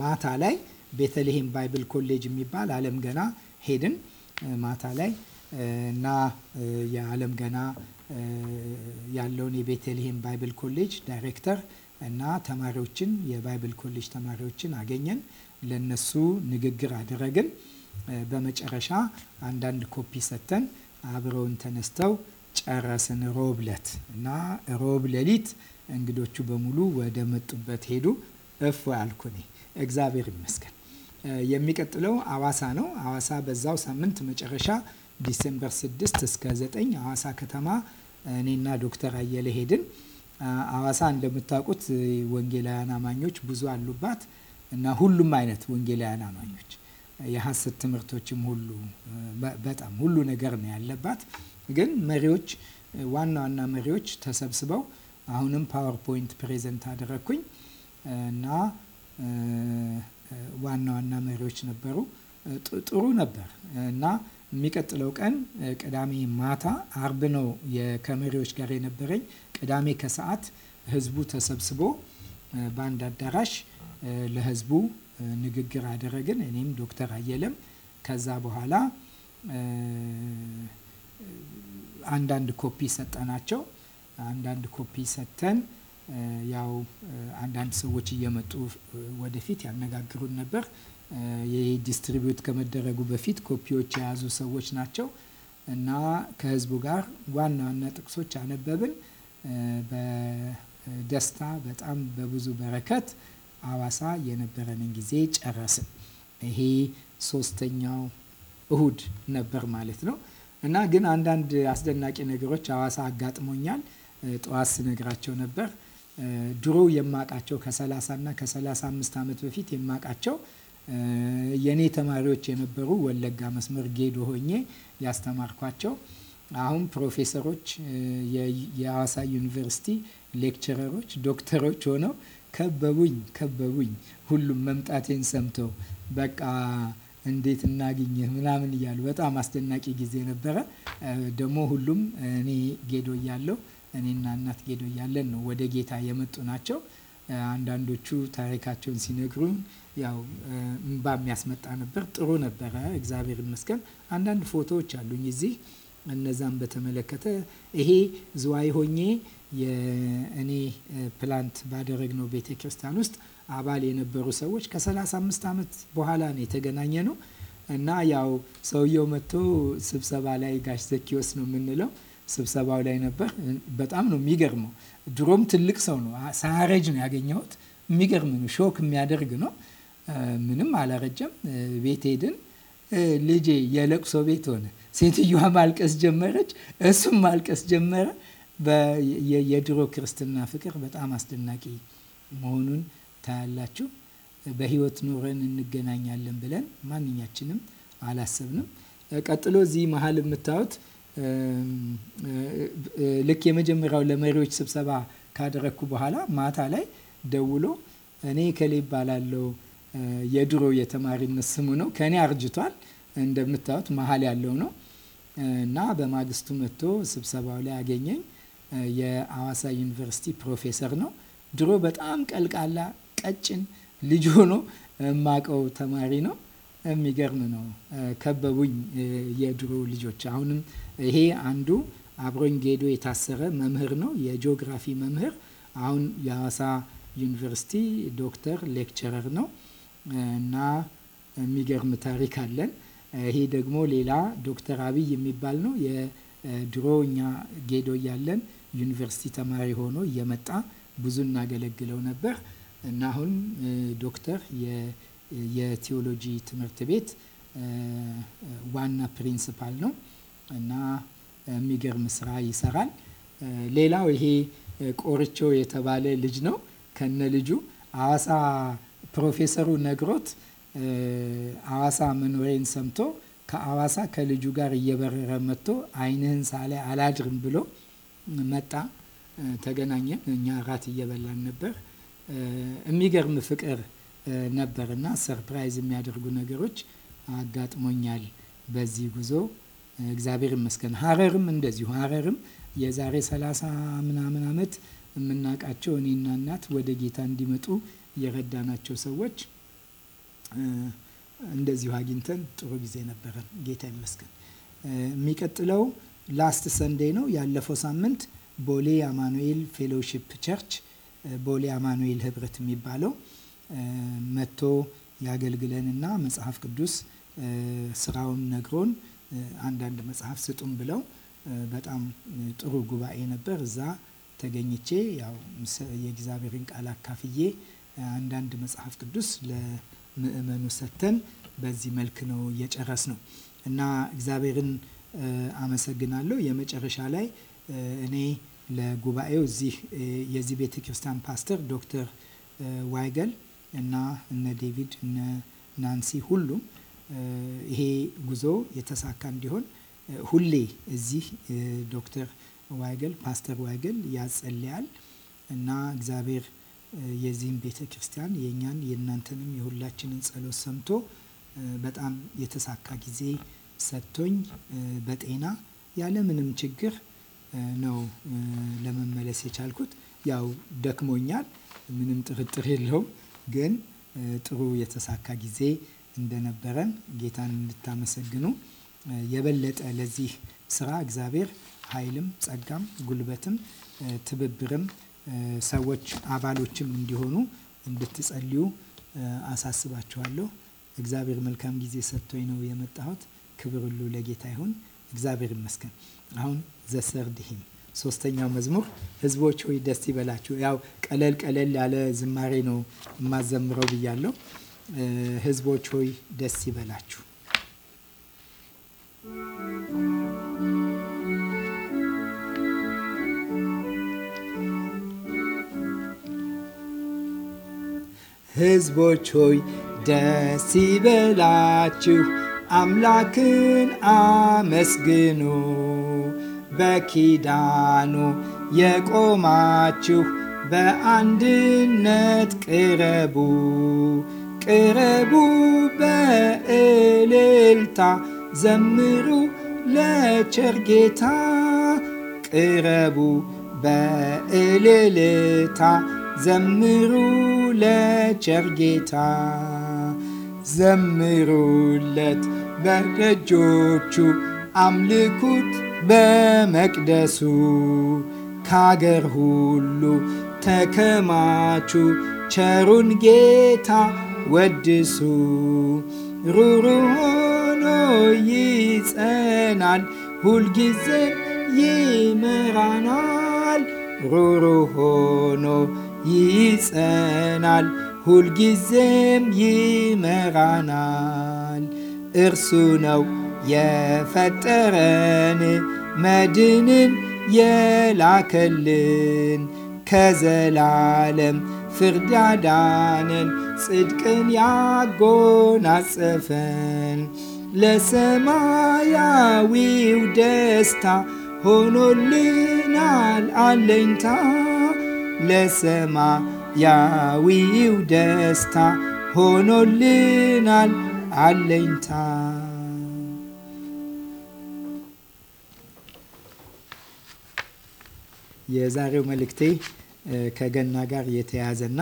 ማታ ላይ ቤተልሔም ባይብል ኮሌጅ የሚባል አለም ገና ሄድን ማታ ላይ እና የአለም ገና ያለውን የቤተልሔም ባይብል ኮሌጅ ዳይሬክተር እና ተማሪዎችን የባይብል ኮሌጅ ተማሪዎችን አገኘን። ለነሱ ንግግር አደረግን። በመጨረሻ አንዳንድ ኮፒ ሰጥተን አብረውን ተነስተው ጨረስን። ሮብለት እና ሮብ ሌሊት እንግዶቹ በሙሉ ወደ መጡበት ሄዱ። እፎ ያልኩኔ እግዚአብሔር ይመስገን። የሚቀጥለው አዋሳ ነው። አዋሳ በዛው ሳምንት መጨረሻ ዲሴምበር 6 እስከ 9 አዋሳ ከተማ እኔና ዶክተር አየለ ሄድን። አዋሳ እንደምታውቁት ወንጌላውያን አማኞች ብዙ አሉባት እና ሁሉም አይነት ወንጌላውያን አማኞች የሐሰት ትምህርቶችም ሁሉ በጣም ሁሉ ነገር ነው ያለባት። ግን መሪዎች ዋና ዋና መሪዎች ተሰብስበው አሁንም ፓወርፖይንት ፕሬዘንት አደረግኩኝ እና ዋና ዋና መሪዎች ነበሩ። ጥሩ ነበር እና የሚቀጥለው ቀን ቅዳሜ ማታ አርብ ነው ከመሪዎች ጋር የነበረኝ። ቅዳሜ ከሰዓት ህዝቡ ተሰብስቦ በአንድ አዳራሽ ለህዝቡ ንግግር አደረግን። እኔም ዶክተር አየለም ከዛ በኋላ አንዳንድ ኮፒ ሰጠናቸው። አንዳንድ ኮፒ ሰጥተን ያው አንዳንድ ሰዎች እየመጡ ወደፊት ያነጋግሩን ነበር። ይህ ዲስትሪቢዩት ከመደረጉ በፊት ኮፒዎች የያዙ ሰዎች ናቸው እና ከህዝቡ ጋር ዋና ዋና ጥቅሶች አነበብን። በደስታ በጣም በብዙ በረከት አዋሳ የነበረንን ጊዜ ጨረስን። ይሄ ሶስተኛው እሁድ ነበር ማለት ነው እና ግን አንዳንድ አስደናቂ ነገሮች አዋሳ አጋጥሞኛል። ጠዋት ስነግራቸው ነበር ድሮ የማቃቸው ከ30 እና ከ35 ዓመት በፊት የማቃቸው የኔ ተማሪዎች የነበሩ ወለጋ መስመር ጌዶ ሆኜ ያስተማርኳቸው አሁን ፕሮፌሰሮች፣ የሐዋሳ ዩኒቨርሲቲ ሌክቸረሮች፣ ዶክተሮች ሆነው ከበቡኝ ከበቡኝ። ሁሉም መምጣቴን ሰምተው በቃ እንዴት እናግኝህ ምናምን እያሉ በጣም አስደናቂ ጊዜ ነበረ። ደግሞ ሁሉም እኔ ጌዶ እያለሁ እኔና እናት ጌዶ እያለን ነው ወደ ጌታ የመጡ ናቸው። አንዳንዶቹ ታሪካቸውን ሲነግሩኝ ያው እምባ የሚያስመጣ ነበር። ጥሩ ነበረ፣ እግዚአብሔር ይመስገን። አንዳንድ ፎቶዎች አሉኝ እዚህ እነዛም በተመለከተ ይሄ ዝዋይ ሆኜ የእኔ ፕላንት ባደረግ ቤተ ክርስቲያን ውስጥ አባል የነበሩ ሰዎች ከ35 ዓመት በኋላ ነው የተገናኘ ነው እና ያው ሰውየው መጥቶ ስብሰባ ላይ ጋሽ ዘኪዎስ ነው የምንለው ስብሰባው ላይ ነበር። በጣም ነው የሚገርመው። ድሮም ትልቅ ሰው ነው፣ ሳያረጅ ነው ያገኘሁት። የሚገርም ነው፣ ሾክ የሚያደርግ ነው ምንም አላረጀም። ቤት ሄድን። ልጄ የለቅሶ ቤት ሆነ። ሴትዮዋ ማልቀስ ጀመረች፣ እሱም ማልቀስ ጀመረ። የድሮ ክርስትና ፍቅር በጣም አስደናቂ መሆኑን ታያላችሁ። በህይወት ኖረን እንገናኛለን ብለን ማንኛችንም አላሰብንም። ቀጥሎ እዚህ መሀል የምታዩት ልክ የመጀመሪያው ለመሪዎች ስብሰባ ካደረግኩ በኋላ ማታ ላይ ደውሎ እኔ ከሌ ይባላለው የድሮ የተማሪነት ስሙ ነው። ከኔ አርጅቷል። እንደምታዩት መሀል ያለው ነው እና በማግስቱ መጥቶ ስብሰባው ላይ ያገኘኝ የአዋሳ ዩኒቨርሲቲ ፕሮፌሰር ነው። ድሮ በጣም ቀልቃላ ቀጭን ልጅ ሆኖ የማቀው ተማሪ ነው። የሚገርም ነው። ከበቡኝ የድሮ ልጆች። አሁንም ይሄ አንዱ አብሮኝ ጌዶ የታሰረ መምህር ነው፣ የጂኦግራፊ መምህር አሁን የአዋሳ ዩኒቨርሲቲ ዶክተር ሌክቸረር ነው። እና የሚገርም ታሪክ አለን። ይሄ ደግሞ ሌላ ዶክተር አብይ የሚባል ነው። የድሮ እኛ ጌዶ እያለን ዩኒቨርሲቲ ተማሪ ሆኖ እየመጣ ብዙ እናገለግለው ነበር እና አሁን ዶክተር የቴዎሎጂ ትምህርት ቤት ዋና ፕሪንሲፓል ነው እና የሚገርም ስራ ይሰራል። ሌላው ይሄ ቆርቾ የተባለ ልጅ ነው። ከነ ልጁ አዋሳ ፕሮፌሰሩ ነግሮት አዋሳ መኖሬን ሰምቶ ከአዋሳ ከልጁ ጋር እየበረረ መጥቶ ዓይንህን ላይ አላድርም ብሎ መጣ። ተገናኘን። እኛ እራት እየበላን ነበር። የሚገርም ፍቅር ነበር እና ሰርፕራይዝ የሚያደርጉ ነገሮች አጋጥሞኛል በዚህ ጉዞ እግዚአብሔር ይመስገን። ሀረርም እንደዚሁ ሀረርም የዛሬ ሰላሳ ምናምን ዓመት የምናውቃቸው እኔና እናት ወደ ጌታ እንዲመጡ የረዳናቸው ሰዎች እንደዚሁ አግኝተን ጥሩ ጊዜ ነበረን። ጌታ ይመስገን። የሚቀጥለው ላስት ሰንዴ ነው ያለፈው ሳምንት ቦሌ አማኑኤል ፌሎሺፕ ቸርች ቦሌ አማኑኤል ህብረት የሚባለው መጥቶ ያገልግለንና መጽሐፍ ቅዱስ ስራውን ነግሮን አንዳንድ መጽሐፍ ስጡን ብለው በጣም ጥሩ ጉባኤ ነበር። እዛ ተገኝቼ ያው የእግዚአብሔርን ቃል አካፍዬ አንዳንድ መጽሐፍ ቅዱስ ለምእመኑ ሰጥተን በዚህ መልክ ነው እየጨረስ ነው እና እግዚአብሔርን አመሰግናለሁ። የመጨረሻ ላይ እኔ ለጉባኤው እዚህ የዚህ ቤተ ክርስቲያን ፓስተር ዶክተር ዋይገል እና እነ ዴቪድ እነ ናንሲ ሁሉም ይሄ ጉዞ የተሳካ እንዲሆን ሁሌ እዚህ ዶክተር ዋይገል ፓስተር ዋይገል ያጸልያል እና እግዚአብሔር የዚህም ቤተ ክርስቲያን የእኛን የእናንተንም የሁላችንን ጸሎት ሰምቶ በጣም የተሳካ ጊዜ ሰጥቶኝ በጤና ያለ ምንም ችግር ነው ለመመለስ የቻልኩት። ያው ደክሞኛል፣ ምንም ጥርጥር የለውም። ግን ጥሩ የተሳካ ጊዜ እንደነበረን ጌታን እንድታመሰግኑ የበለጠ ለዚህ ስራ እግዚአብሔር ኃይልም ጸጋም ጉልበትም ትብብርም ሰዎች አባሎችም እንዲሆኑ እንድትጸልዩ አሳስባችኋለሁ። እግዚአብሔር መልካም ጊዜ ሰጥቶኝ ነው የመጣሁት። ክብር ሁሉ ለጌታ ይሁን። እግዚአብሔር ይመስገን። አሁን ዘሰርድ ሂም ሶስተኛው መዝሙር ህዝቦች ሆይ ደስ ይበላችሁ። ያው ቀለል ቀለል ያለ ዝማሬ ነው የማዘምረው ብያለሁ። ህዝቦች ሆይ ደስ ይበላችሁ። ሕዝቦች ሆይ ደስ ይበላችሁ፣ አምላክን አመስግኑ። በኪዳኑ የቆማችሁ በአንድነት ቅረቡ ቅረቡ በእልልታ ዘምሩ ለቸር ጌታ ቅረቡ በእልልታ ዘምሩ ለቸር ጌታ ዘምሩለት በደጆቹ አምልኩት በመቅደሱ ካገር ሁሉ ተከማቹ ቸሩን ጌታ ወድሱ ሩሩ ሆኖ ይጸናል ሁልጊዜ ይምራናል ሩሩ ሆኖ ይጸናል፣ ሁልጊዜም ይመራናል። እርሱ ነው የፈጠረን መድንን የላከልን ከዘላለም ፍርድ ጽድቅን ያጎናጸፈን ለሰማያዊው ደስታ ሆኖልናል አለኝታ ለሰማያዊው ደስታ ሆኖልናል አለኝታ። የዛሬው መልእክቴ ከገና ጋር የተያያዘና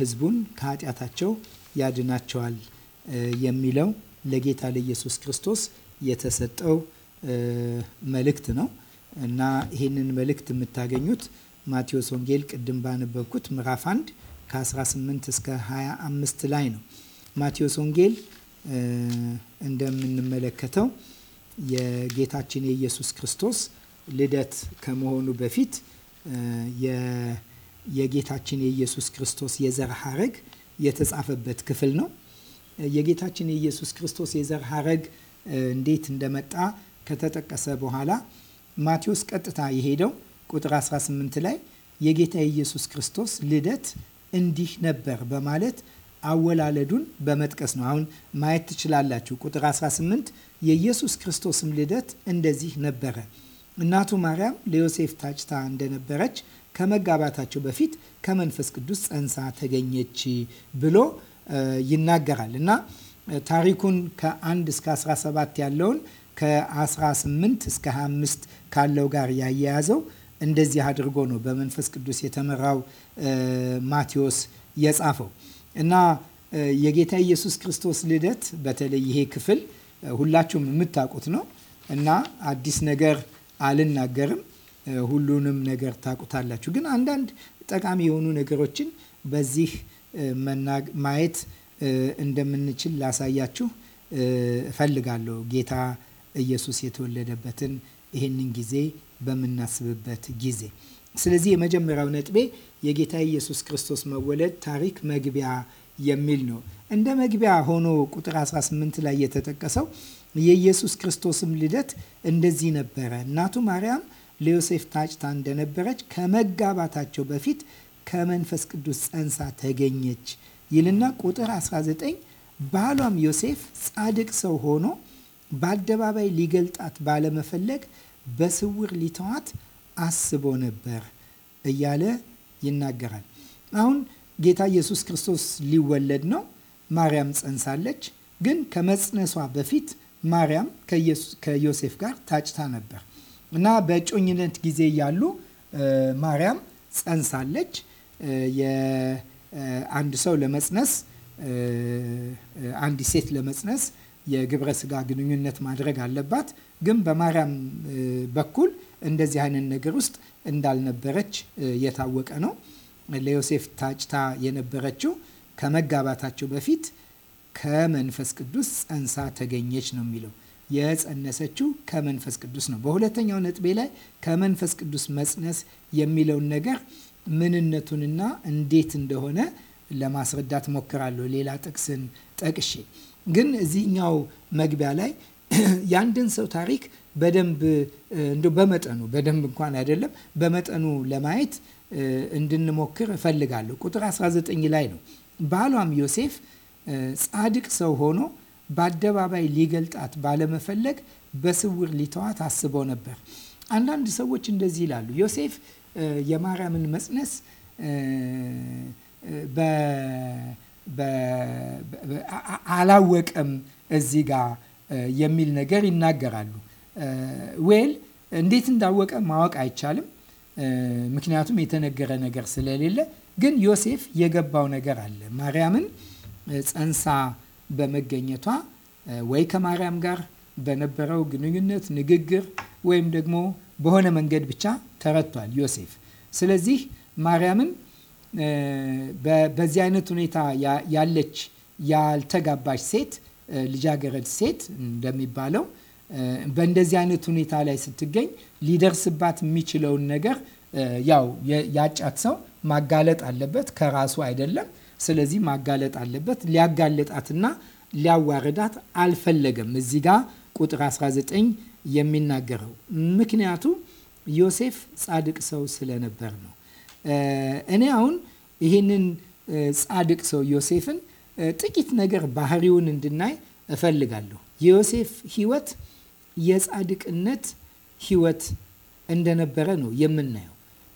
ሕዝቡን ከኃጢአታቸው ያድናቸዋል የሚለው ለጌታ ለኢየሱስ ክርስቶስ የተሰጠው መልእክት ነው እና ይህንን መልእክት የምታገኙት ማቴዎስ ወንጌል ቅድም ባነበብኩት ምዕራፍ 1 ከ18 እስከ 25 ላይ ነው። ማቴዎስ ወንጌል እንደምንመለከተው የጌታችን የኢየሱስ ክርስቶስ ልደት ከመሆኑ በፊት የጌታችን የኢየሱስ ክርስቶስ የዘር ሐረግ የተጻፈበት ክፍል ነው። የጌታችን የኢየሱስ ክርስቶስ የዘር ሐረግ እንዴት እንደመጣ ከተጠቀሰ በኋላ ማቴዎስ ቀጥታ የሄደው ቁጥር 18 ላይ የጌታ የኢየሱስ ክርስቶስ ልደት እንዲህ ነበር በማለት አወላለዱን በመጥቀስ ነው። አሁን ማየት ትችላላችሁ። ቁጥር 18 የኢየሱስ ክርስቶስም ልደት እንደዚህ ነበረ። እናቱ ማርያም ለዮሴፍ ታጭታ እንደነበረች ከመጋባታቸው በፊት ከመንፈስ ቅዱስ ጸንሳ ተገኘች ብሎ ይናገራል እና ታሪኩን ከ1 እስከ 17 ያለውን ከ18 እስከ 25 ካለው ጋር ያያያዘው እንደዚህ አድርጎ ነው በመንፈስ ቅዱስ የተመራው ማቴዎስ የጻፈው እና የጌታ ኢየሱስ ክርስቶስ ልደት በተለይ ይሄ ክፍል ሁላችሁም የምታውቁት ነው እና አዲስ ነገር አልናገርም። ሁሉንም ነገር ታውቁታላችሁ። ግን አንዳንድ ጠቃሚ የሆኑ ነገሮችን በዚህ ማየት እንደምንችል ላሳያችሁ እፈልጋለሁ። ጌታ ኢየሱስ የተወለደበትን ይህንን ጊዜ በምናስብበት ጊዜ። ስለዚህ የመጀመሪያው ነጥቤ የጌታ ኢየሱስ ክርስቶስ መወለድ ታሪክ መግቢያ የሚል ነው። እንደ መግቢያ ሆኖ ቁጥር 18 ላይ የተጠቀሰው የኢየሱስ ክርስቶስም ልደት እንደዚህ ነበረ። እናቱ ማርያም ለዮሴፍ ታጭታ እንደነበረች ከመጋባታቸው በፊት ከመንፈስ ቅዱስ ጸንሳ ተገኘች ይልና ቁጥር 19 ባሏም ዮሴፍ ጻድቅ ሰው ሆኖ በአደባባይ ሊገልጣት ባለመፈለግ በስውር ሊተዋት አስቦ ነበር እያለ ይናገራል። አሁን ጌታ ኢየሱስ ክርስቶስ ሊወለድ ነው። ማርያም ጸንሳለች። ግን ከመጽነሷ በፊት ማርያም ከዮሴፍ ጋር ታጭታ ነበር እና በእጮኝነት ጊዜ ያሉ ማርያም ጸንሳለች። የአንድ ሰው ለመጽነስ አንድ ሴት ለመጽነስ የግብረ ስጋ ግንኙነት ማድረግ አለባት። ግን በማርያም በኩል እንደዚህ አይነት ነገር ውስጥ እንዳልነበረች የታወቀ ነው። ለዮሴፍ ታጭታ የነበረችው ከመጋባታቸው በፊት ከመንፈስ ቅዱስ ጸንሳ ተገኘች ነው የሚለው። የጸነሰችው ከመንፈስ ቅዱስ ነው። በሁለተኛው ነጥቤ ላይ ከመንፈስ ቅዱስ መጽነስ የሚለውን ነገር ምንነቱንና እንዴት እንደሆነ ለማስረዳት ሞክራለሁ ሌላ ጥቅስን ጠቅሼ። ግን እዚህኛው መግቢያ ላይ የአንድን ሰው ታሪክ በደንብ እንደ በመጠኑ በደንብ እንኳን አይደለም በመጠኑ ለማየት እንድንሞክር እፈልጋለሁ። ቁጥር 19 ላይ ነው ባሏም ዮሴፍ ጻድቅ ሰው ሆኖ በአደባባይ ሊገልጣት ባለመፈለግ በስውር ሊተዋት አስቦ ነበር። አንዳንድ ሰዎች እንደዚህ ይላሉ። ዮሴፍ የማርያምን መጽነስ አላወቀም እዚህ ጋር የሚል ነገር ይናገራሉ። ዌል እንዴት እንዳወቀ ማወቅ አይቻልም፣ ምክንያቱም የተነገረ ነገር ስለሌለ። ግን ዮሴፍ የገባው ነገር አለ። ማርያምን ጸንሳ በመገኘቷ ወይ ከማርያም ጋር በነበረው ግንኙነት፣ ንግግር ወይም ደግሞ በሆነ መንገድ ብቻ ተረቷል ዮሴፍ። ስለዚህ ማርያምን በዚህ አይነት ሁኔታ ያለች ያልተጋባች ሴት ልጃገረድ ሴት እንደሚባለው በእንደዚህ አይነት ሁኔታ ላይ ስትገኝ ሊደርስባት የሚችለውን ነገር ያው ያጫት ሰው ማጋለጥ አለበት፣ ከራሱ አይደለም። ስለዚህ ማጋለጥ አለበት። ሊያጋለጣትና ሊያዋርዳት አልፈለገም። እዚህ ጋ ቁጥር 19 የሚናገረው ምክንያቱ ዮሴፍ ጻድቅ ሰው ስለነበር ነው። እኔ አሁን ይህንን ጻድቅ ሰው ዮሴፍን ጥቂት ነገር ባህሪውን እንድናይ እፈልጋለሁ። የዮሴፍ ህይወት የጻድቅነት ህይወት እንደነበረ ነው የምናየው።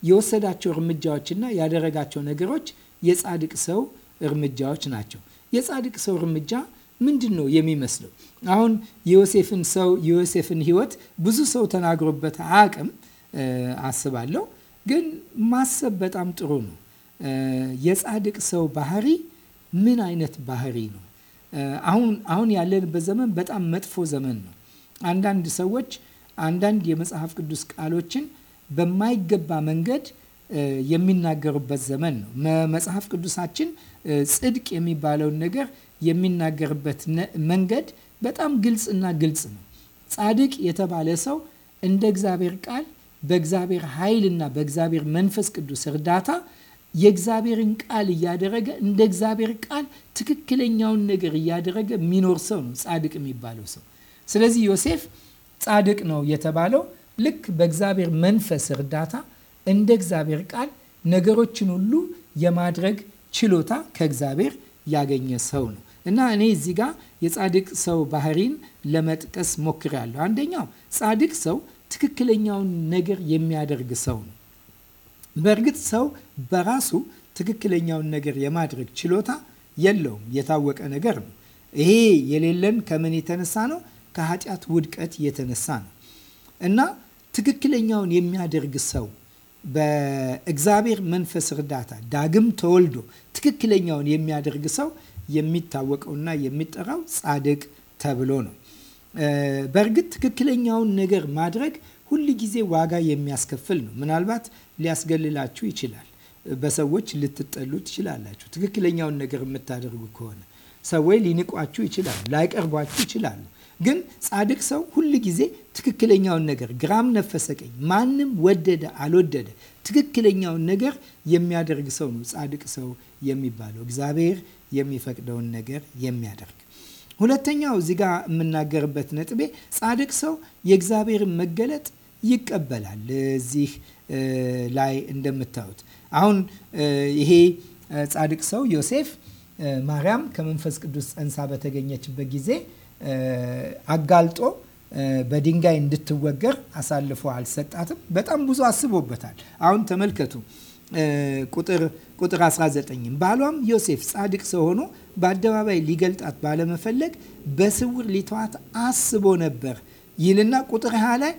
የወሰዳቸው እርምጃዎችና ያደረጋቸው ነገሮች የጻድቅ ሰው እርምጃዎች ናቸው። የጻድቅ ሰው እርምጃ ምንድን ነው የሚመስለው? አሁን የዮሴፍን ሰው የዮሴፍን ህይወት ብዙ ሰው ተናግሮበት አያውቅም አስባለሁ። ግን ማሰብ በጣም ጥሩ ነው። የጻድቅ ሰው ባህሪ ምን አይነት ባህሪ ነው? አሁን አሁን ያለንበት ዘመን በጣም መጥፎ ዘመን ነው። አንዳንድ ሰዎች አንዳንድ የመጽሐፍ ቅዱስ ቃሎችን በማይገባ መንገድ የሚናገሩበት ዘመን ነው። መጽሐፍ ቅዱሳችን ጽድቅ የሚባለውን ነገር የሚናገርበት መንገድ በጣም ግልጽና ግልጽ ነው። ጻድቅ የተባለ ሰው እንደ እግዚአብሔር ቃል በእግዚአብሔር ኃይልና በእግዚአብሔር መንፈስ ቅዱስ እርዳታ የእግዚአብሔርን ቃል እያደረገ እንደ እግዚአብሔር ቃል ትክክለኛውን ነገር እያደረገ የሚኖር ሰው ነው ጻድቅ የሚባለው ሰው። ስለዚህ ዮሴፍ ጻድቅ ነው የተባለው ልክ በእግዚአብሔር መንፈስ እርዳታ እንደ እግዚአብሔር ቃል ነገሮችን ሁሉ የማድረግ ችሎታ ከእግዚአብሔር ያገኘ ሰው ነው እና እኔ እዚህ ጋር የጻድቅ ሰው ባህሪን ለመጥቀስ ሞክሬያለሁ። አንደኛው ጻድቅ ሰው ትክክለኛውን ነገር የሚያደርግ ሰው ነው። በእርግጥ ሰው በራሱ ትክክለኛውን ነገር የማድረግ ችሎታ የለውም፣ የታወቀ ነገር ነው። ይሄ የሌለን ከምን የተነሳ ነው? ከኃጢአት ውድቀት የተነሳ ነው። እና ትክክለኛውን የሚያደርግ ሰው በእግዚአብሔር መንፈስ እርዳታ ዳግም ተወልዶ ትክክለኛውን የሚያደርግ ሰው የሚታወቀውና የሚጠራው ጻድቅ ተብሎ ነው። በእርግጥ ትክክለኛውን ነገር ማድረግ ሁል ጊዜ ዋጋ የሚያስከፍል ነው። ምናልባት ሊያስገልላችሁ ይችላል። በሰዎች ልትጠሉ ትችላላችሁ። ትክክለኛውን ነገር የምታደርጉ ከሆነ ሰዎች ሊንቋችሁ ይችላሉ፣ ላይቀርቧችሁ ይችላሉ። ግን ጻድቅ ሰው ሁል ጊዜ ትክክለኛውን ነገር ግራም ነፈሰ ቀኝ፣ ማንም ወደደ አልወደደ ትክክለኛውን ነገር የሚያደርግ ሰው ነው ጻድቅ ሰው የሚባለው፣ እግዚአብሔር የሚፈቅደውን ነገር የሚያደርግ ሁለተኛው እዚህ ጋር የምናገርበት ነጥቤ ጻድቅ ሰው የእግዚአብሔርን መገለጥ ይቀበላል። እዚህ ላይ እንደምታዩት አሁን ይሄ ጻድቅ ሰው ዮሴፍ ማርያም ከመንፈስ ቅዱስ ጸንሳ በተገኘችበት ጊዜ አጋልጦ በድንጋይ እንድትወገር አሳልፎ አልሰጣትም። በጣም ብዙ አስቦበታል። አሁን ተመልከቱ ቁጥር 19 ባሏም ዮሴፍ ጻድቅ ሰው ሆኖ በአደባባይ ሊገልጣት ባለመፈለግ በስውር ሊተዋት አስቦ ነበር ይልና ቁጥር 20 ላይ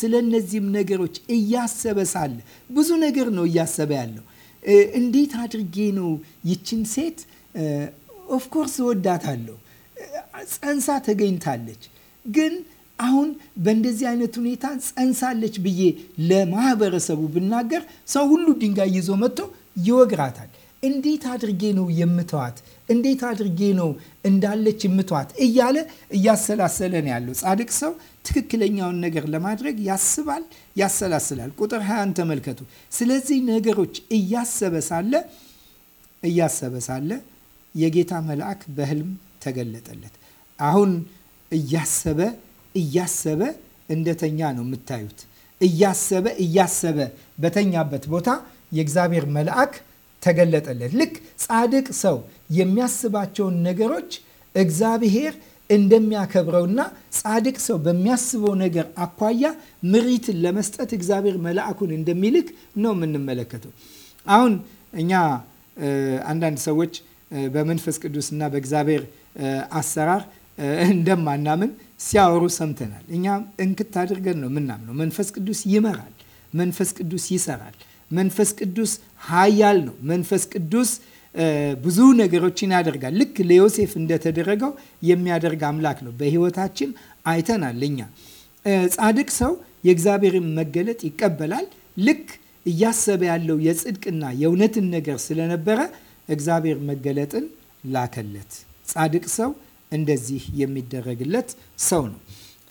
ስለ እነዚህም ነገሮች እያሰበ ሳለ ብዙ ነገር ነው እያሰበ ያለው። እንዴት አድርጌ ነው ይችን ሴት ኦፍኮርስ እወዳታለሁ፣ ጸንሳ ተገኝታለች ግን አሁን በእንደዚህ አይነት ሁኔታ ጸንሳለች ብዬ ለማህበረሰቡ ብናገር ሰው ሁሉ ድንጋይ ይዞ መጥቶ ይወግራታል። እንዴት አድርጌ ነው የምተዋት? እንዴት አድርጌ ነው እንዳለች የምተዋት? እያለ እያሰላሰለ ነው ያለው። ጻድቅ ሰው ትክክለኛውን ነገር ለማድረግ ያስባል፣ ያሰላስላል። ቁጥር ሀያን ተመልከቱ። ስለዚህ ነገሮች እያሰበ ሳለ እያሰበ ሳለ የጌታ መልአክ በህልም ተገለጠለት። አሁን እያሰበ እያሰበ እንደተኛ ነው የምታዩት። እያሰበ እያሰበ በተኛበት ቦታ የእግዚአብሔር መልአክ ተገለጠለት። ልክ ጻድቅ ሰው የሚያስባቸውን ነገሮች እግዚአብሔር እንደሚያከብረውና ጻድቅ ሰው በሚያስበው ነገር አኳያ ምሪትን ለመስጠት እግዚአብሔር መልአኩን እንደሚልክ ነው የምንመለከተው። አሁን እኛ አንዳንድ ሰዎች በመንፈስ ቅዱስና በእግዚአብሔር አሰራር እንደማናምን ሲያወሩ ሰምተናል። እኛ እንክት አድርገን ነው ምናምነው። መንፈስ ቅዱስ ይመራል። መንፈስ ቅዱስ ይሰራል። መንፈስ ቅዱስ ኃያል ነው። መንፈስ ቅዱስ ብዙ ነገሮችን ያደርጋል። ልክ ለዮሴፍ እንደተደረገው የሚያደርግ አምላክ ነው። በህይወታችን አይተናል። እኛ ጻድቅ ሰው የእግዚአብሔርን መገለጥ ይቀበላል። ልክ እያሰበ ያለው የጽድቅና የእውነትን ነገር ስለነበረ እግዚአብሔር መገለጥን ላከለት። ጻድቅ ሰው እንደዚህ የሚደረግለት ሰው ነው።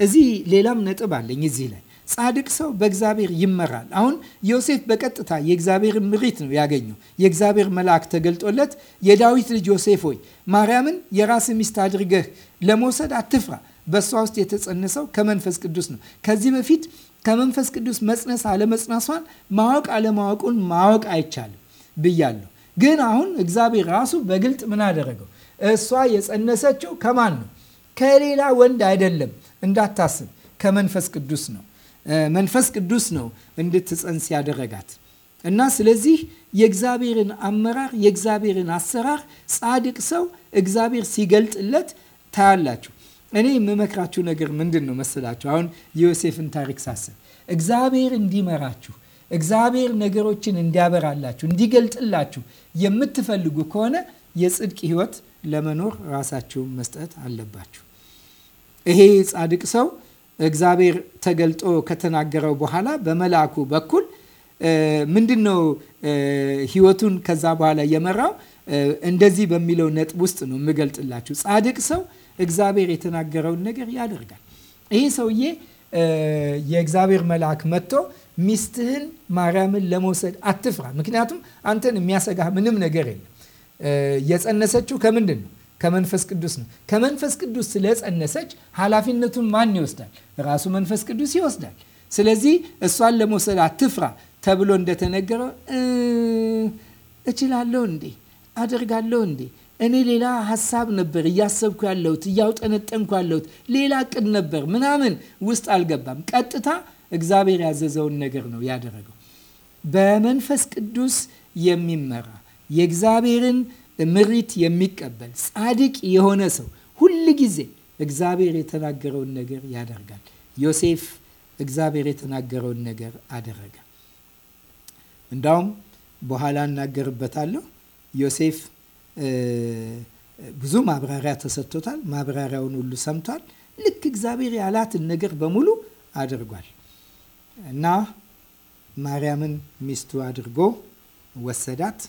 እዚህ ሌላም ነጥብ አለኝ እዚህ ላይ ጻድቅ ሰው በእግዚአብሔር ይመራል። አሁን ዮሴፍ በቀጥታ የእግዚአብሔር ምሪት ነው ያገኘው። የእግዚአብሔር መልአክ ተገልጦለት የዳዊት ልጅ ዮሴፍ ሆይ ማርያምን የራስ ሚስት አድርገህ ለመውሰድ አትፍራ፣ በእሷ ውስጥ የተጸነሰው ከመንፈስ ቅዱስ ነው። ከዚህ በፊት ከመንፈስ ቅዱስ መጽነስ አለመጽነሷን ማወቅ አለማወቁን ማወቅ አይቻልም ብያለሁ። ግን አሁን እግዚአብሔር ራሱ በግልጥ ምን አደረገው? እሷ የጸነሰችው ከማን ነው? ከሌላ ወንድ አይደለም እንዳታስብ፣ ከመንፈስ ቅዱስ ነው። መንፈስ ቅዱስ ነው እንድትጸንስ ያደረጋት እና ስለዚህ የእግዚአብሔርን አመራር የእግዚአብሔርን አሰራር ጻድቅ ሰው እግዚአብሔር ሲገልጥለት ታያላችሁ። እኔ የምመክራችሁ ነገር ምንድን ነው መሰላችሁ? አሁን የዮሴፍን ታሪክ ሳስብ እግዚአብሔር እንዲመራችሁ እግዚአብሔር ነገሮችን እንዲያበራላችሁ እንዲገልጥላችሁ የምትፈልጉ ከሆነ የጽድቅ ህይወት? ለመኖር ራሳችሁን መስጠት አለባችሁ። ይሄ ጻድቅ ሰው እግዚአብሔር ተገልጦ ከተናገረው በኋላ በመልአኩ በኩል ምንድን ነው ህይወቱን ከዛ በኋላ የመራው እንደዚህ በሚለው ነጥብ ውስጥ ነው የምገልጥላችሁ። ጻድቅ ሰው እግዚአብሔር የተናገረውን ነገር ያደርጋል። ይሄ ሰውዬ የእግዚአብሔር መልአክ መጥቶ ሚስትህን ማርያምን ለመውሰድ አትፍራ፣ ምክንያቱም አንተን የሚያሰጋህ ምንም ነገር የለም የጸነሰችው ከምንድን ነው? ከመንፈስ ቅዱስ ነው። ከመንፈስ ቅዱስ ስለጸነሰች ኃላፊነቱን ማን ይወስዳል? ራሱ መንፈስ ቅዱስ ይወስዳል። ስለዚህ እሷን ለመውሰድ አትፍራ ተብሎ እንደተነገረው እችላለሁ እንዴ? አደርጋለሁ እንዴ? እኔ ሌላ ሀሳብ ነበር እያሰብኩ ያለሁት እያውጠነጠንኩ ያለሁት ሌላ እቅድ ነበር ምናምን ውስጥ አልገባም። ቀጥታ እግዚአብሔር ያዘዘውን ነገር ነው ያደረገው። በመንፈስ ቅዱስ የሚመራ የእግዚአብሔርን ምሪት የሚቀበል ጻድቅ የሆነ ሰው ሁል ጊዜ እግዚአብሔር የተናገረውን ነገር ያደርጋል። ዮሴፍ እግዚአብሔር የተናገረውን ነገር አደረገ። እንዳውም በኋላ እናገርበታለሁ። ዮሴፍ ብዙ ማብራሪያ ተሰጥቶታል። ማብራሪያውን ሁሉ ሰምቷል። ልክ እግዚአብሔር ያላትን ነገር በሙሉ አድርጓል እና ማርያምን ሚስቱ አድርጎ ወሰዳት።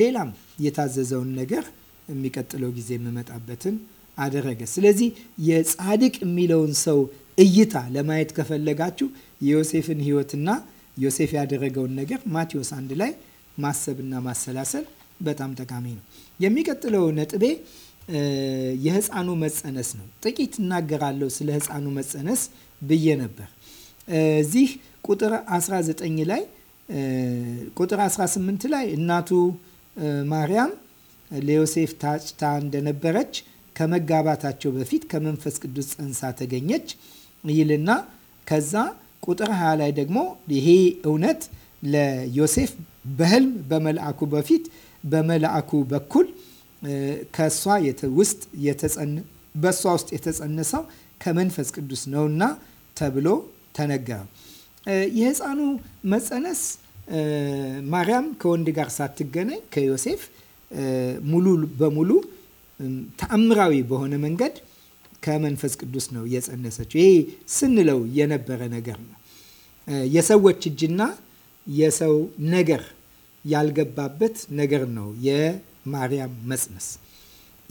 ሌላም የታዘዘውን ነገር የሚቀጥለው ጊዜ የምመጣበትን አደረገ። ስለዚህ የጻድቅ የሚለውን ሰው እይታ ለማየት ከፈለጋችሁ የዮሴፍን ህይወትና ዮሴፍ ያደረገውን ነገር ማቴዎስ አንድ ላይ ማሰብና ማሰላሰል በጣም ጠቃሚ ነው። የሚቀጥለው ነጥቤ የህፃኑ መጸነስ ነው። ጥቂት እናገራለሁ ስለ ህፃኑ መጸነስ ብዬ ነበር። እዚህ ቁጥር 19 ላይ ቁጥር 18 ላይ እናቱ ማርያም ለዮሴፍ ታጭታ እንደነበረች ከመጋባታቸው በፊት ከመንፈስ ቅዱስ ጽንሳ ተገኘች ይልና ከዛ ቁጥር 20 ላይ ደግሞ ይሄ እውነት ለዮሴፍ በህልም በመልአኩ በፊት በመልአኩ በኩል ከእሷ ውስጥ በእሷ ውስጥ የተጸነሰው ከመንፈስ ቅዱስ ነውና ተብሎ ተነገረው። የህፃኑ መጸነስ ማርያም ከወንድ ጋር ሳትገናኝ ከዮሴፍ ሙሉ በሙሉ ተአምራዊ በሆነ መንገድ ከመንፈስ ቅዱስ ነው የጸነሰችው። ይሄ ስንለው የነበረ ነገር ነው። የሰዎች እጅና የሰው ነገር ያልገባበት ነገር ነው የማርያም መጽነስ።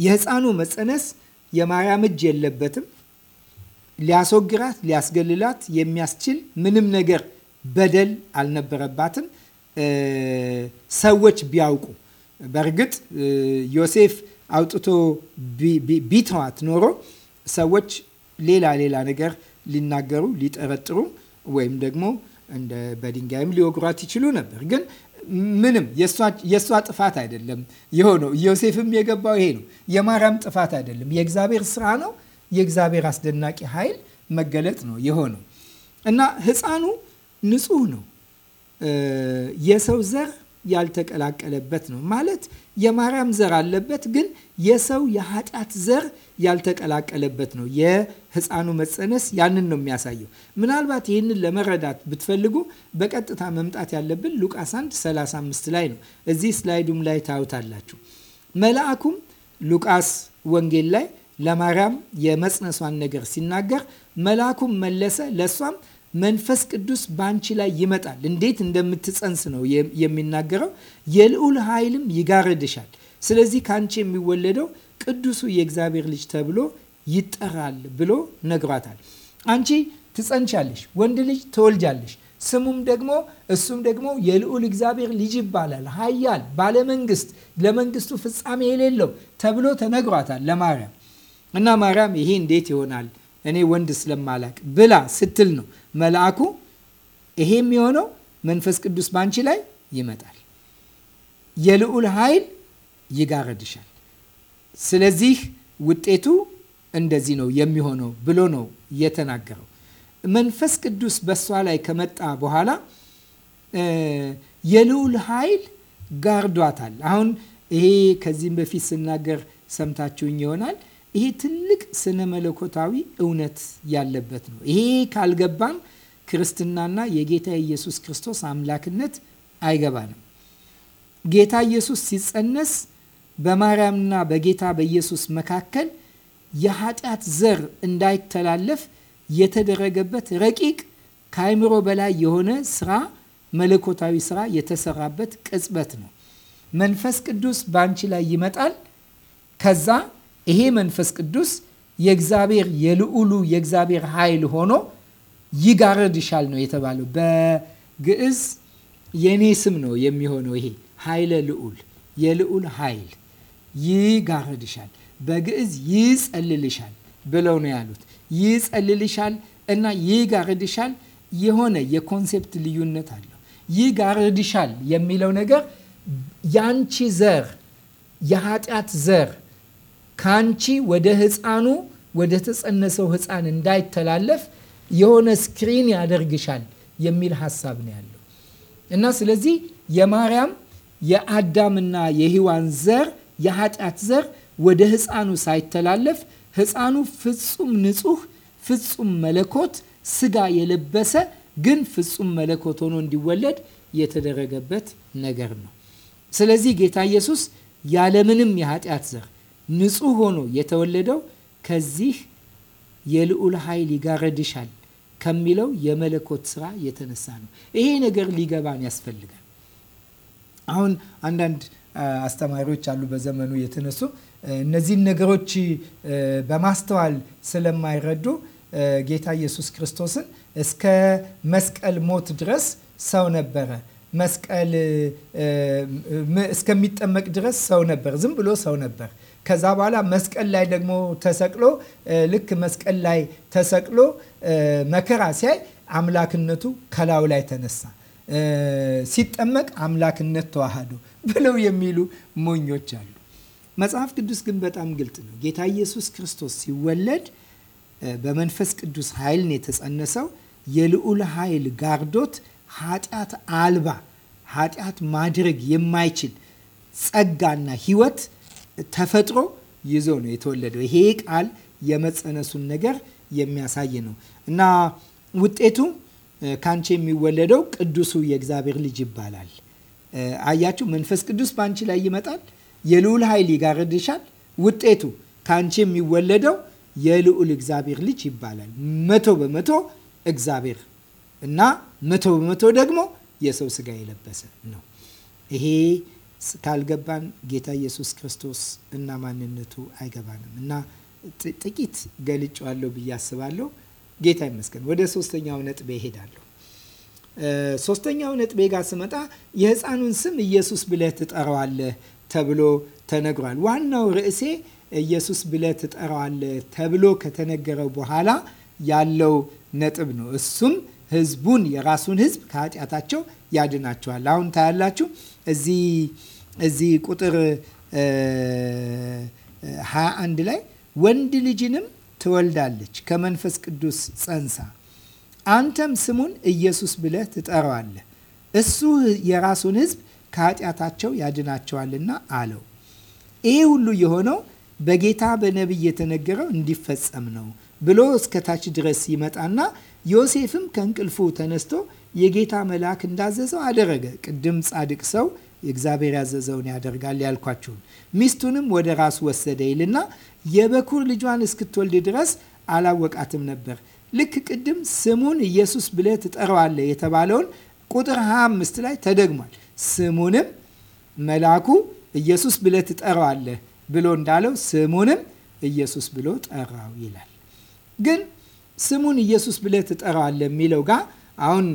የህፃኑ መጸነስ የማርያም እጅ የለበትም። ሊያስወግራት ሊያስገልላት የሚያስችል ምንም ነገር በደል አልነበረባትም። ሰዎች ቢያውቁ በእርግጥ ዮሴፍ አውጥቶ ቢተዋት ኖሮ ሰዎች ሌላ ሌላ ነገር ሊናገሩ ሊጠረጥሩ ወይም ደግሞ እንደ በድንጋይም ሊወግሯት ይችሉ ነበር። ግን ምንም የእሷ ጥፋት አይደለም የሆነው። ዮሴፍም የገባው ይሄ ነው። የማርያም ጥፋት አይደለም። የእግዚአብሔር ስራ ነው። የእግዚአብሔር አስደናቂ ኃይል መገለጥ ነው የሆነው እና ህፃኑ ንጹህ ነው። የሰው ዘር ያልተቀላቀለበት ነው ማለት የማርያም ዘር አለበት፣ ግን የሰው የኃጢአት ዘር ያልተቀላቀለበት ነው። የህፃኑ መጸነስ ያንን ነው የሚያሳየው። ምናልባት ይህንን ለመረዳት ብትፈልጉ በቀጥታ መምጣት ያለብን ሉቃስ 1 35 ላይ ነው። እዚህ ስላይዱም ላይ ታዩታላችሁ። መልአኩም ሉቃስ ወንጌል ላይ ለማርያም የመጽነሷን ነገር ሲናገር መልአኩም መለሰ ለእሷም መንፈስ ቅዱስ በአንቺ ላይ ይመጣል። እንዴት እንደምትጸንስ ነው የሚናገረው። የልዑል ኃይልም ይጋርድሻል ስለዚህ ከአንቺ የሚወለደው ቅዱሱ የእግዚአብሔር ልጅ ተብሎ ይጠራል ብሎ ነግሯታል። አንቺ ትጸንቻለሽ፣ ወንድ ልጅ ትወልጃለሽ። ስሙም ደግሞ እሱም ደግሞ የልዑል እግዚአብሔር ልጅ ይባላል። ኃያል ባለመንግስት፣ ለመንግስቱ ፍጻሜ የሌለው ተብሎ ተነግሯታል ለማርያም እና ማርያም ይሄ እንዴት ይሆናል እኔ ወንድ ስለማላቅ ብላ ስትል ነው መልአኩ። ይሄ የሚሆነው መንፈስ ቅዱስ ባንቺ ላይ ይመጣል፣ የልዑል ኃይል ይጋረድሻል። ስለዚህ ውጤቱ እንደዚህ ነው የሚሆነው ብሎ ነው የተናገረው። መንፈስ ቅዱስ በሷ ላይ ከመጣ በኋላ የልዑል ኃይል ጋርዷታል። አሁን ይሄ ከዚህም በፊት ስናገር ሰምታችሁኝ ይሆናል። ይሄ ትልቅ ስነ መለኮታዊ እውነት ያለበት ነው። ይሄ ካልገባን ክርስትናና የጌታ ኢየሱስ ክርስቶስ አምላክነት አይገባንም። ጌታ ኢየሱስ ሲጸነስ በማርያምና በጌታ በኢየሱስ መካከል የኃጢአት ዘር እንዳይተላለፍ የተደረገበት ረቂቅ ከአይምሮ በላይ የሆነ ስራ መለኮታዊ ስራ የተሰራበት ቅጽበት ነው። መንፈስ ቅዱስ በአንቺ ላይ ይመጣል። ከዛ ይሄ መንፈስ ቅዱስ የእግዚአብሔር የልዑሉ የእግዚአብሔር ኃይል ሆኖ ይጋረድሻል ነው የተባለው። በግዕዝ የእኔ ስም ነው የሚሆነው። ይሄ ኃይለ ልዑል የልዑል ኃይል ይጋረድሻል፣ በግዕዝ ይጸልልሻል ብለው ነው ያሉት። ይጸልልሻል እና ይጋረድሻል የሆነ የኮንሴፕት ልዩነት አለው። ይጋረድሻል የሚለው ነገር ያንቺ ዘር የኃጢአት ዘር ከአንቺ ወደ ህፃኑ ወደ ተጸነሰው ህፃን እንዳይተላለፍ የሆነ ስክሪን ያደርግሻል የሚል ሀሳብ ነው ያለው እና ስለዚህ የማርያም የአዳምና የሔዋን ዘር የኃጢአት ዘር ወደ ህፃኑ ሳይተላለፍ ህፃኑ ፍጹም ንጹህ ፍጹም መለኮት ስጋ የለበሰ ግን ፍጹም መለኮት ሆኖ እንዲወለድ የተደረገበት ነገር ነው። ስለዚህ ጌታ ኢየሱስ ያለምንም የኃጢአት ዘር ንጹህ ሆኖ የተወለደው ከዚህ የልዑል ኃይል ይጋረድሻል ከሚለው የመለኮት ስራ የተነሳ ነው። ይሄ ነገር ሊገባን ያስፈልጋል። አሁን አንዳንድ አስተማሪዎች አሉ በዘመኑ የተነሱ እነዚህን ነገሮች በማስተዋል ስለማይረዱ ጌታ ኢየሱስ ክርስቶስን እስከ መስቀል ሞት ድረስ ሰው ነበረ። መስቀል እስከሚጠመቅ ድረስ ሰው ነበር። ዝም ብሎ ሰው ነበር። ከዛ በኋላ መስቀል ላይ ደግሞ ተሰቅሎ ልክ መስቀል ላይ ተሰቅሎ መከራ ሲያይ አምላክነቱ ከላዩ ላይ ተነሳ፣ ሲጠመቅ አምላክነት ተዋህዶ ብለው የሚሉ ሞኞች አሉ። መጽሐፍ ቅዱስ ግን በጣም ግልጥ ነው። ጌታ ኢየሱስ ክርስቶስ ሲወለድ በመንፈስ ቅዱስ ኃይል የተጸነሰው። የልዑል ኃይል ጋርዶት ኃጢአት አልባ ኃጢአት ማድረግ የማይችል ጸጋና ሕይወት ተፈጥሮ ይዞ ነው የተወለደው። ይሄ ቃል የመጸነሱን ነገር የሚያሳይ ነው እና ውጤቱ ከአንቺ የሚወለደው ቅዱሱ የእግዚአብሔር ልጅ ይባላል። አያችሁ፣ መንፈስ ቅዱስ በአንቺ ላይ ይመጣል፣ የልዑል ኃይል ይጋርድሻል። ውጤቱ ከአንቺ የሚወለደው የልዑል እግዚአብሔር ልጅ ይባላል። መቶ በመቶ እግዚአብሔር እና መቶ በመቶ ደግሞ የሰው ስጋ የለበሰ ነው ይሄ ካልገባን ጌታ ኢየሱስ ክርስቶስ እና ማንነቱ አይገባንም እና ጥቂት ገልጫዋለሁ ብዬ አስባለሁ። ጌታ ይመስገን። ወደ ሶስተኛው ነጥቤ እሄዳለሁ። ሶስተኛው ነጥቤ ጋር ስመጣ የህፃኑን ስም ኢየሱስ ብለህ ትጠራዋለህ ተብሎ ተነግሯል። ዋናው ርዕሴ ኢየሱስ ብለህ ትጠራዋለህ ተብሎ ከተነገረው በኋላ ያለው ነጥብ ነው። እሱም ህዝቡን የራሱን ህዝብ ከኃጢአታቸው ያድናቸዋል። አሁን ታያላችሁ እዚህ እዚህ ቁጥር 21 ላይ ወንድ ልጅንም ትወልዳለች ከመንፈስ ቅዱስ ጸንሳ፣ አንተም ስሙን ኢየሱስ ብለህ ትጠራዋለህ፣ እሱ የራሱን ሕዝብ ከኃጢአታቸው ያድናቸዋልና አለው። ይሄ ሁሉ የሆነው በጌታ በነቢይ የተነገረው እንዲፈጸም ነው ብሎ እስከታች ድረስ ይመጣና ዮሴፍም ከእንቅልፉ ተነስቶ የጌታ መልአክ እንዳዘዘው አደረገ። ቅድም ጻድቅ ሰው እግዚአብሔር ያዘዘውን ያደርጋል ያልኳችሁን። ሚስቱንም ወደ ራሱ ወሰደ ይልና የበኩር ልጇን እስክትወልድ ድረስ አላወቃትም ነበር። ልክ ቅድም ስሙን ኢየሱስ ብለህ ትጠራዋለህ የተባለውን ቁጥር 25 ላይ ተደግሟል። ስሙንም መልአኩ ኢየሱስ ብለህ ትጠራዋለህ ብሎ እንዳለው ስሙንም ኢየሱስ ብሎ ጠራው ይላል። ግን ስሙን ኢየሱስ ብለህ ትጠራዋለህ የሚለው ጋር አሁን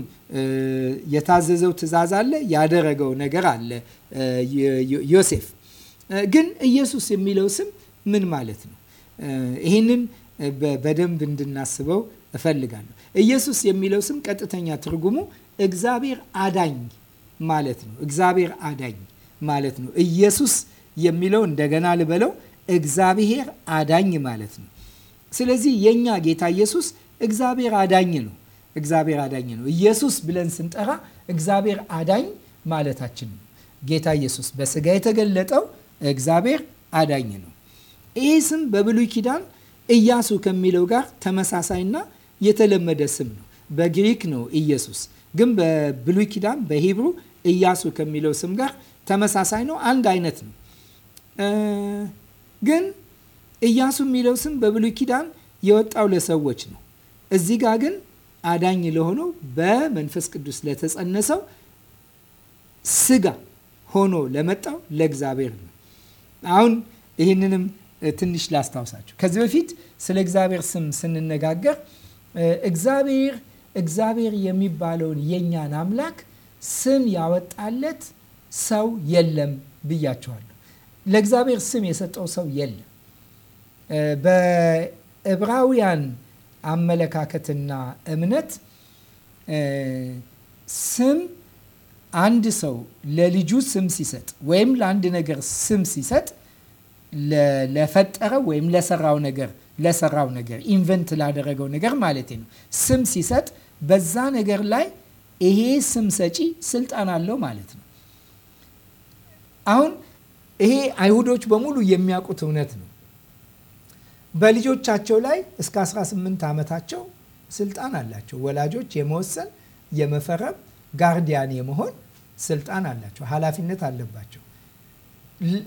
የታዘዘው ትእዛዝ አለ፣ ያደረገው ነገር አለ። ዮሴፍ ግን ኢየሱስ የሚለው ስም ምን ማለት ነው? ይህንን በደንብ እንድናስበው እፈልጋለሁ። ኢየሱስ የሚለው ስም ቀጥተኛ ትርጉሙ እግዚአብሔር አዳኝ ማለት ነው። እግዚአብሔር አዳኝ ማለት ነው። ኢየሱስ የሚለው እንደገና ልበለው፣ እግዚአብሔር አዳኝ ማለት ነው። ስለዚህ የእኛ ጌታ ኢየሱስ እግዚአብሔር አዳኝ ነው። እግዚአብሔር አዳኝ ነው። ኢየሱስ ብለን ስንጠራ እግዚአብሔር አዳኝ ማለታችን ነው። ጌታ ኢየሱስ በስጋ የተገለጠው እግዚአብሔር አዳኝ ነው። ይህ ስም በብሉይ ኪዳን እያሱ ከሚለው ጋር ተመሳሳይና የተለመደ ስም ነው። በግሪክ ነው ኢየሱስ፣ ግን በብሉይ ኪዳን በሂብሩ እያሱ ከሚለው ስም ጋር ተመሳሳይ ነው። አንድ አይነት ነው። ግን እያሱ የሚለው ስም በብሉይ ኪዳን የወጣው ለሰዎች ነው። እዚህ ጋር ግን አዳኝ ለሆነው በመንፈስ ቅዱስ ለተጸነሰው ስጋ ሆኖ ለመጣው ለእግዚአብሔር ነው። አሁን ይህንንም ትንሽ ላስታውሳችሁ። ከዚህ በፊት ስለ እግዚአብሔር ስም ስንነጋገር እግዚአብሔር እግዚአብሔር የሚባለውን የእኛን አምላክ ስም ያወጣለት ሰው የለም ብያቸዋለሁ። ለእግዚአብሔር ስም የሰጠው ሰው የለም። በዕብራውያን አመለካከትና እምነት ስም አንድ ሰው ለልጁ ስም ሲሰጥ ወይም ለአንድ ነገር ስም ሲሰጥ ለፈጠረው ወይም ለሰራው ነገር ለሰራው ነገር ኢንቨንት ላደረገው ነገር ማለት ነው። ስም ሲሰጥ በዛ ነገር ላይ ይሄ ስም ሰጪ ስልጣን አለው ማለት ነው። አሁን ይሄ አይሁዶች በሙሉ የሚያውቁት እውነት ነው። በልጆቻቸው ላይ እስከ 18 ዓመታቸው ስልጣን አላቸው። ወላጆች የመወሰን የመፈረም፣ ጋርዲያን የመሆን ስልጣን አላቸው፣ ኃላፊነት አለባቸው።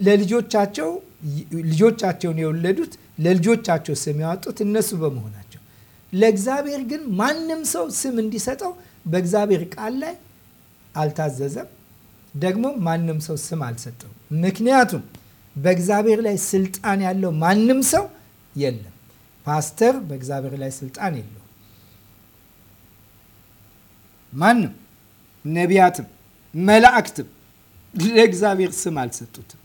ለልጆቻቸው ልጆቻቸውን የወለዱት ለልጆቻቸው ስም ያወጡት እነሱ በመሆናቸው ለእግዚአብሔር ግን ማንም ሰው ስም እንዲሰጠው በእግዚአብሔር ቃል ላይ አልታዘዘም። ደግሞ ማንም ሰው ስም አልሰጠው። ምክንያቱም በእግዚአብሔር ላይ ስልጣን ያለው ማንም ሰው የለም። ፓስተር በእግዚአብሔር ላይ ስልጣን የለውም። ማንም ነቢያትም መላእክትም ለእግዚአብሔር ስም አልሰጡትም።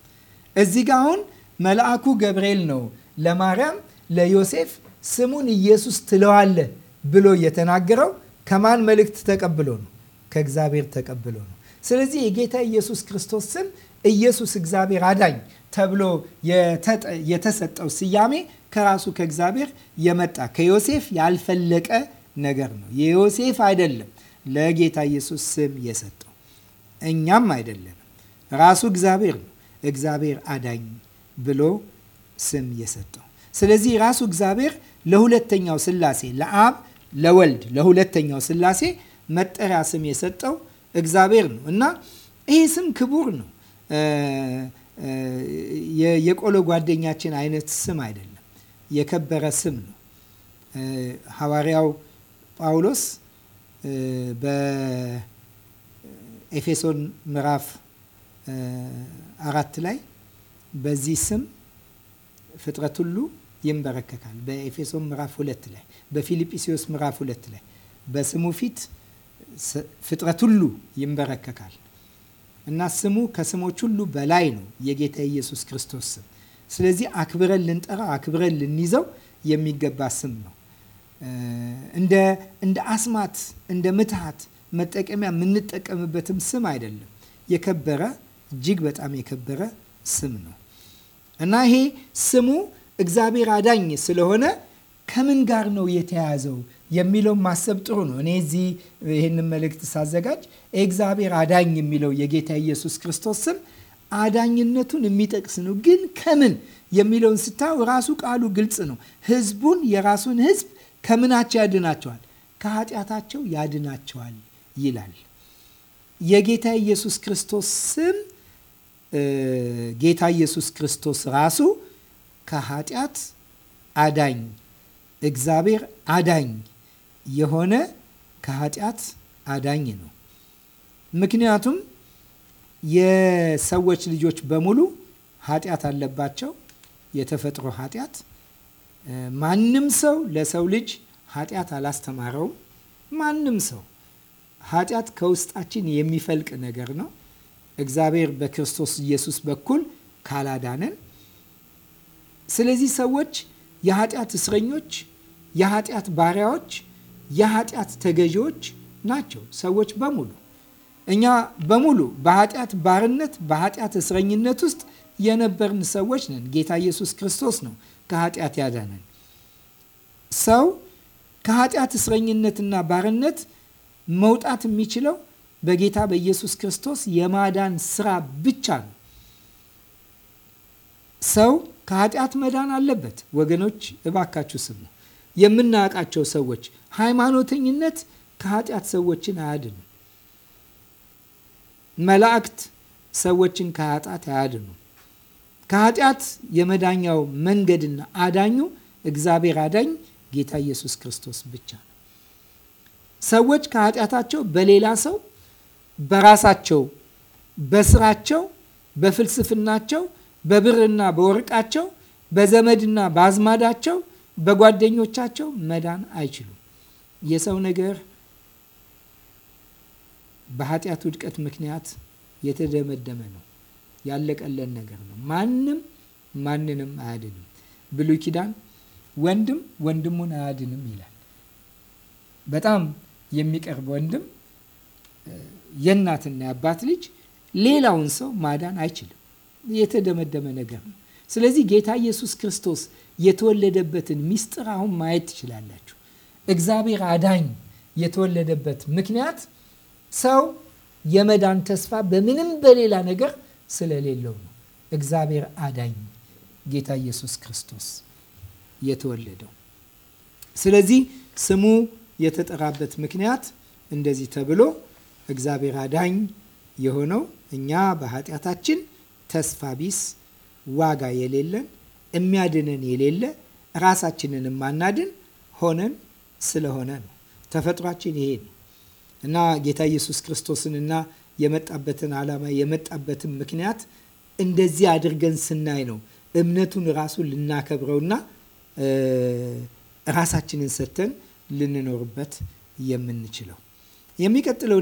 እዚህ ጋ አሁን መልአኩ ገብርኤል ነው ለማርያም ለዮሴፍ ስሙን ኢየሱስ ትለዋለህ ብሎ የተናገረው ከማን መልእክት ተቀብሎ ነው? ከእግዚአብሔር ተቀብሎ ነው። ስለዚህ የጌታ ኢየሱስ ክርስቶስ ስም ኢየሱስ እግዚአብሔር አዳኝ ተብሎ የተሰጠው ስያሜ ከራሱ ከእግዚአብሔር የመጣ ከዮሴፍ ያልፈለቀ ነገር ነው። የዮሴፍ አይደለም ለጌታ ኢየሱስ ስም የሰጠው እኛም አይደለም ራሱ እግዚአብሔር ነው። እግዚአብሔር አዳኝ ብሎ ስም የሰጠው ስለዚህ ራሱ እግዚአብሔር ለሁለተኛው ስላሴ ለአብ ለወልድ ለሁለተኛው ስላሴ መጠሪያ ስም የሰጠው እግዚአብሔር ነው እና ይህ ስም ክቡር ነው። የቆሎ ጓደኛችን አይነት ስም አይደለም። የከበረ ስም ነው። ሐዋርያው ጳውሎስ በኤፌሶን ምዕራፍ አራት ላይ በዚህ ስም ፍጥረት ሁሉ ይንበረከካል። በኤፌሶን ምዕራፍ ሁለት ላይ በፊልጵስዩስ ምዕራፍ ሁለት ላይ በስሙ ፊት ፍጥረት ሁሉ ይንበረከካል እና ስሙ ከስሞች ሁሉ በላይ ነው። የጌታ ኢየሱስ ክርስቶስ ስም ስለዚህ አክብረን ልንጠራ አክብረን ልንይዘው የሚገባ ስም ነው። እንደ አስማት እንደ ምትሃት መጠቀሚያ የምንጠቀምበትም ስም አይደለም። የከበረ እጅግ በጣም የከበረ ስም ነው እና ይሄ ስሙ እግዚአብሔር አዳኝ ስለሆነ ከምን ጋር ነው የተያዘው የሚለው ማሰብ ጥሩ ነው። እኔ እዚህ ይህንን መልእክት ሳዘጋጅ እግዚአብሔር አዳኝ የሚለው የጌታ ኢየሱስ ክርስቶስ ስም አዳኝነቱን የሚጠቅስ ነው። ግን ከምን የሚለውን ስታየው ራሱ ቃሉ ግልጽ ነው። ህዝቡን የራሱን ህዝብ ከምናቸው ያድናቸዋል? ከኃጢአታቸው ያድናቸዋል ይላል። የጌታ ኢየሱስ ክርስቶስ ስም ጌታ ኢየሱስ ክርስቶስ ራሱ ከኃጢአት አዳኝ እግዚአብሔር አዳኝ የሆነ ከኃጢአት አዳኝ ነው። ምክንያቱም የሰዎች ልጆች በሙሉ ኃጢአት አለባቸው። የተፈጥሮ ኃጢአት። ማንም ሰው ለሰው ልጅ ኃጢአት አላስተማረውም። ማንም ሰው ኃጢአት ከውስጣችን የሚፈልቅ ነገር ነው። እግዚአብሔር በክርስቶስ ኢየሱስ በኩል ካላዳነን፣ ስለዚህ ሰዎች የኃጢአት እስረኞች፣ የኃጢአት ባሪያዎች፣ የኃጢአት ተገዢዎች ናቸው። ሰዎች በሙሉ እኛ በሙሉ በኃጢአት ባርነት፣ በኃጢአት እስረኝነት ውስጥ የነበርን ሰዎች ነን። ጌታ ኢየሱስ ክርስቶስ ነው ከኃጢአት ያዳነን። ሰው ከኃጢአት እስረኝነትና ባርነት መውጣት የሚችለው በጌታ በኢየሱስ ክርስቶስ የማዳን ስራ ብቻ ነው። ሰው ከኃጢአት መዳን አለበት። ወገኖች እባካችሁ ስሙ። የምናውቃቸው ሰዎች ሃይማኖተኝነት ከኃጢአት ሰዎችን አያድንም። መላእክት ሰዎችን ከኃጢአት አያድኑ። ከኃጢአት የመዳኛው መንገድና አዳኙ እግዚአብሔር አዳኝ ጌታ ኢየሱስ ክርስቶስ ብቻ ነው። ሰዎች ከኃጢአታቸው በሌላ ሰው፣ በራሳቸው፣ በስራቸው፣ በፍልስፍናቸው፣ በብርና በወርቃቸው፣ በዘመድና በአዝማዳቸው፣ በጓደኞቻቸው መዳን አይችሉም። የሰው ነገር በኃጢአት ውድቀት ምክንያት የተደመደመ ነው። ያለቀለን ነገር ነው። ማንም ማንንም አያድንም። ብሉይ ኪዳን ወንድም ወንድሙን አያድንም ይላል። በጣም የሚቀርብ ወንድም የእናትና የአባት ልጅ ሌላውን ሰው ማዳን አይችልም። የተደመደመ ነገር ነው። ስለዚህ ጌታ ኢየሱስ ክርስቶስ የተወለደበትን ምስጢር አሁን ማየት ትችላላችሁ። እግዚአብሔር አዳኝ የተወለደበት ምክንያት ሰው የመዳን ተስፋ በምንም በሌላ ነገር ስለሌለው ነው። እግዚአብሔር አዳኝ ጌታ ኢየሱስ ክርስቶስ የተወለደው። ስለዚህ ስሙ የተጠራበት ምክንያት እንደዚህ ተብሎ እግዚአብሔር አዳኝ የሆነው እኛ በኃጢአታችን ተስፋ ቢስ ዋጋ የሌለን የሚያድነን የሌለ ራሳችንን የማናድን ሆነን ስለሆነ ነው። ተፈጥሯችን ይሄ ነው። እና ጌታ ኢየሱስ ክርስቶስንና የመጣበትን ዓላማ የመጣበትን ምክንያት እንደዚህ አድርገን ስናይ ነው እምነቱን ራሱ ልናከብረውና ራሳችንን ሰጥተን ልንኖርበት የምንችለው። የሚቀጥለው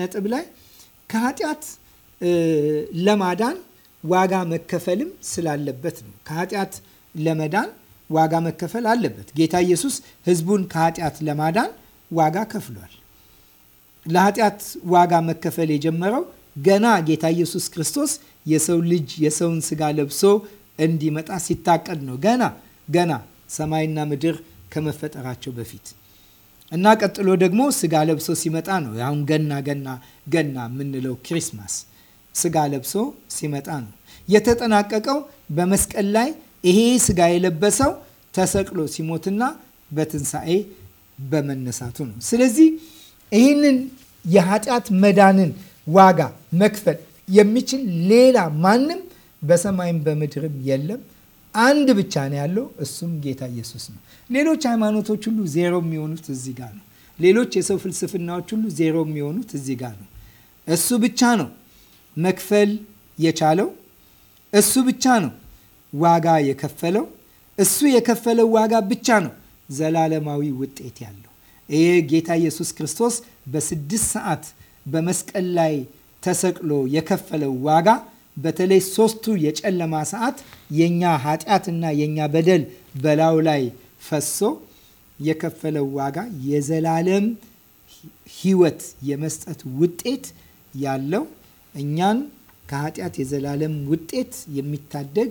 ነጥብ ላይ ከኃጢአት ለማዳን ዋጋ መከፈልም ስላለበት ነው። ከኃጢአት ለመዳን ዋጋ መከፈል አለበት። ጌታ ኢየሱስ ሕዝቡን ከኃጢአት ለማዳን ዋጋ ከፍሏል። ለኃጢአት ዋጋ መከፈል የጀመረው ገና ጌታ ኢየሱስ ክርስቶስ የሰው ልጅ የሰውን ስጋ ለብሶ እንዲመጣ ሲታቀድ ነው። ገና ገና ሰማይና ምድር ከመፈጠራቸው በፊት እና ቀጥሎ ደግሞ ስጋ ለብሶ ሲመጣ ነው። አሁን ገና ገና ገና የምንለው ክሪስማስ ስጋ ለብሶ ሲመጣ ነው የተጠናቀቀው በመስቀል ላይ ይሄ ስጋ የለበሰው ተሰቅሎ ሲሞትና በትንሣኤ በመነሳቱ ነው። ስለዚህ ይህንን የኃጢአት መዳንን ዋጋ መክፈል የሚችል ሌላ ማንም በሰማይም በምድርም የለም። አንድ ብቻ ነው ያለው፣ እሱም ጌታ ኢየሱስ ነው። ሌሎች ሃይማኖቶች ሁሉ ዜሮ የሚሆኑት እዚህ ጋር ነው። ሌሎች የሰው ፍልስፍናዎች ሁሉ ዜሮ የሚሆኑት እዚህ ጋር ነው። እሱ ብቻ ነው መክፈል የቻለው፣ እሱ ብቻ ነው ዋጋ የከፈለው፣ እሱ የከፈለው ዋጋ ብቻ ነው ዘላለማዊ ውጤት ያለው። ጌታ ኢየሱስ ክርስቶስ በስድስት ሰዓት በመስቀል ላይ ተሰቅሎ የከፈለው ዋጋ በተለይ ሶስቱ የጨለማ ሰዓት የእኛ ኃጢአትና የእኛ በደል በላዩ ላይ ፈሶ የከፈለው ዋጋ የዘላለም ሕይወት የመስጠት ውጤት ያለው እኛን ከኃጢአት የዘላለም ውጤት የሚታደግ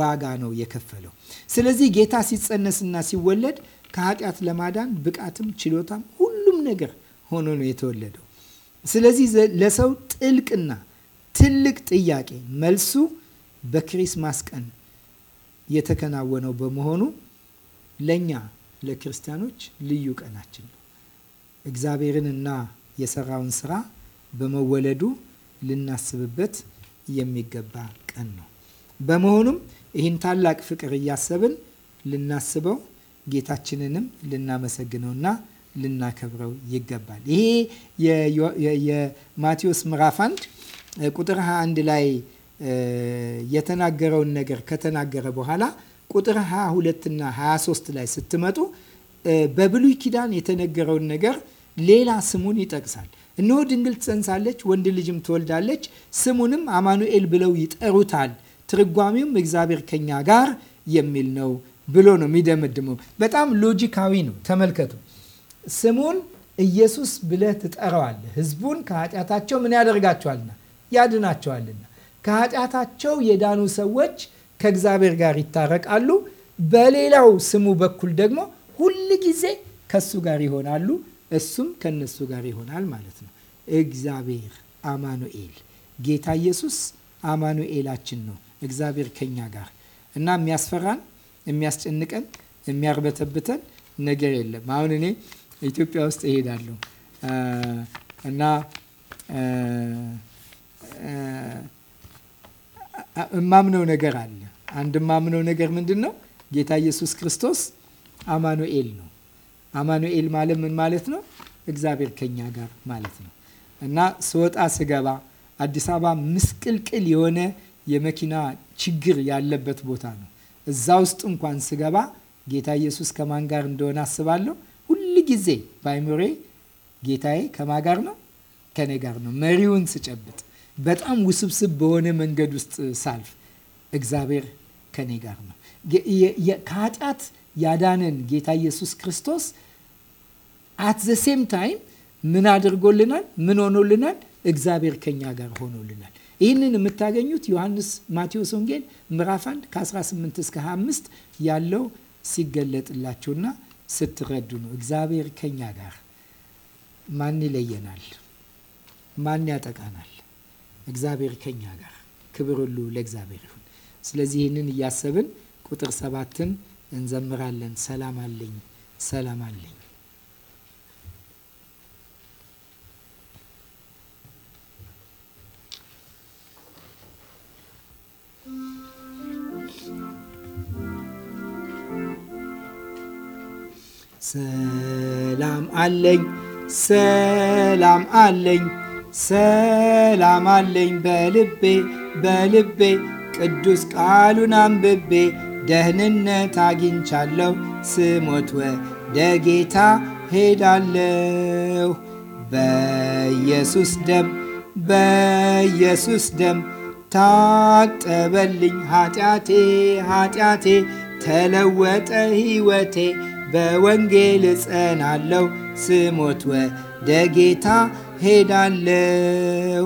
ዋጋ ነው የከፈለው። ስለዚህ ጌታ ሲጸነስና ሲወለድ ከኃጢአት ለማዳን ብቃትም ችሎታም ሁሉም ነገር ሆኖ ነው የተወለደው። ስለዚህ ለሰው ጥልቅና ትልቅ ጥያቄ መልሱ በክሪስማስ ቀን የተከናወነው በመሆኑ ለእኛ ለክርስቲያኖች ልዩ ቀናችን ነው። እግዚአብሔርንና የሰራውን ስራ በመወለዱ ልናስብበት የሚገባ ቀን ነው። በመሆኑም ይህን ታላቅ ፍቅር እያሰብን ልናስበው ጌታችንንም ልናመሰግነውና ልናከብረው ይገባል። ይሄ የማቴዎስ ምዕራፍ 1 ቁጥር 21 ላይ የተናገረውን ነገር ከተናገረ በኋላ ቁጥር 22 እና 23 ላይ ስትመጡ በብሉይ ኪዳን የተነገረውን ነገር ሌላ ስሙን ይጠቅሳል። እነሆ ድንግል ትጸንሳለች፣ ወንድ ልጅም ትወልዳለች፣ ስሙንም አማኑኤል ብለው ይጠሩታል ትርጓሚውም እግዚአብሔር ከኛ ጋር የሚል ነው ብሎ ነው የሚደመድመው። በጣም ሎጂካዊ ነው። ተመልከቱ። ስሙን ኢየሱስ ብለህ ትጠራዋለህ። ህዝቡን ከኃጢአታቸው ምን ያደርጋቸዋልና? ያድናቸዋልና። ከኃጢአታቸው የዳኑ ሰዎች ከእግዚአብሔር ጋር ይታረቃሉ። በሌላው ስሙ በኩል ደግሞ ሁል ጊዜ ከሱ ጋር ይሆናሉ፣ እሱም ከነሱ ጋር ይሆናል ማለት ነው። እግዚአብሔር አማኑኤል፣ ጌታ ኢየሱስ አማኑኤላችን ነው። እግዚአብሔር ከኛ ጋር እና የሚያስፈራን የሚያስጨንቀን የሚያርበተብተን ነገር የለም። አሁን እኔ ኢትዮጵያ ውስጥ እሄዳለሁ እና እማምነው ነገር አለ። አንድ እማምነው ነገር ምንድን ነው? ጌታ ኢየሱስ ክርስቶስ አማኑኤል ነው። አማኑኤል ማለት ምን ማለት ነው? እግዚአብሔር ከኛ ጋር ማለት ነው እና ስወጣ ስገባ አዲስ አበባ ምስቅልቅል የሆነ የመኪና ችግር ያለበት ቦታ ነው። እዛ ውስጥ እንኳን ስገባ ጌታ ኢየሱስ ከማን ጋር እንደሆነ አስባለሁ። ሁል ጊዜ ባይሞሬ ጌታዬ ከማ ጋር ነው? ከኔ ጋር ነው። መሪውን ስጨብጥ፣ በጣም ውስብስብ በሆነ መንገድ ውስጥ ሳልፍ እግዚአብሔር ከኔ ጋር ነው። ከኃጢአት ያዳነን ጌታ ኢየሱስ ክርስቶስ አት ዘ ሴም ታይም ምን አድርጎልናል? ምን ሆኖልናል? እግዚአብሔር ከኛ ጋር ሆኖልናል። ይህንን የምታገኙት ዮሐንስ ማቴዎስ ወንጌል ምዕራፍ 1 ከ18 እስከ 25 ያለው ሲገለጥላችሁና ስትረዱ ነው። እግዚአብሔር ከኛ ጋር ማን ይለየናል? ማን ያጠቃናል? እግዚአብሔር ከኛ ጋር። ክብር ሁሉ ለእግዚአብሔር ይሁን። ስለዚህ ይህንን እያሰብን ቁጥር ሰባትን እንዘምራለን። ሰላም አለኝ፣ ሰላም አለኝ ሰላም አለኝ ሰላም አለኝ ሰላም አለኝ በልቤ በልቤ ቅዱስ ቃሉን አንብቤ ደህንነት አግኝቻለሁ ስሞት ወደ ጌታ ሄዳለሁ በኢየሱስ ደም በኢየሱስ ደም ታጠበልኝ ኃጢአቴ ኃጢአቴ ተለወጠ ሕይወቴ በወንጌል እጸናለሁ ስሞት ወደ ጌታ ሄዳለሁ።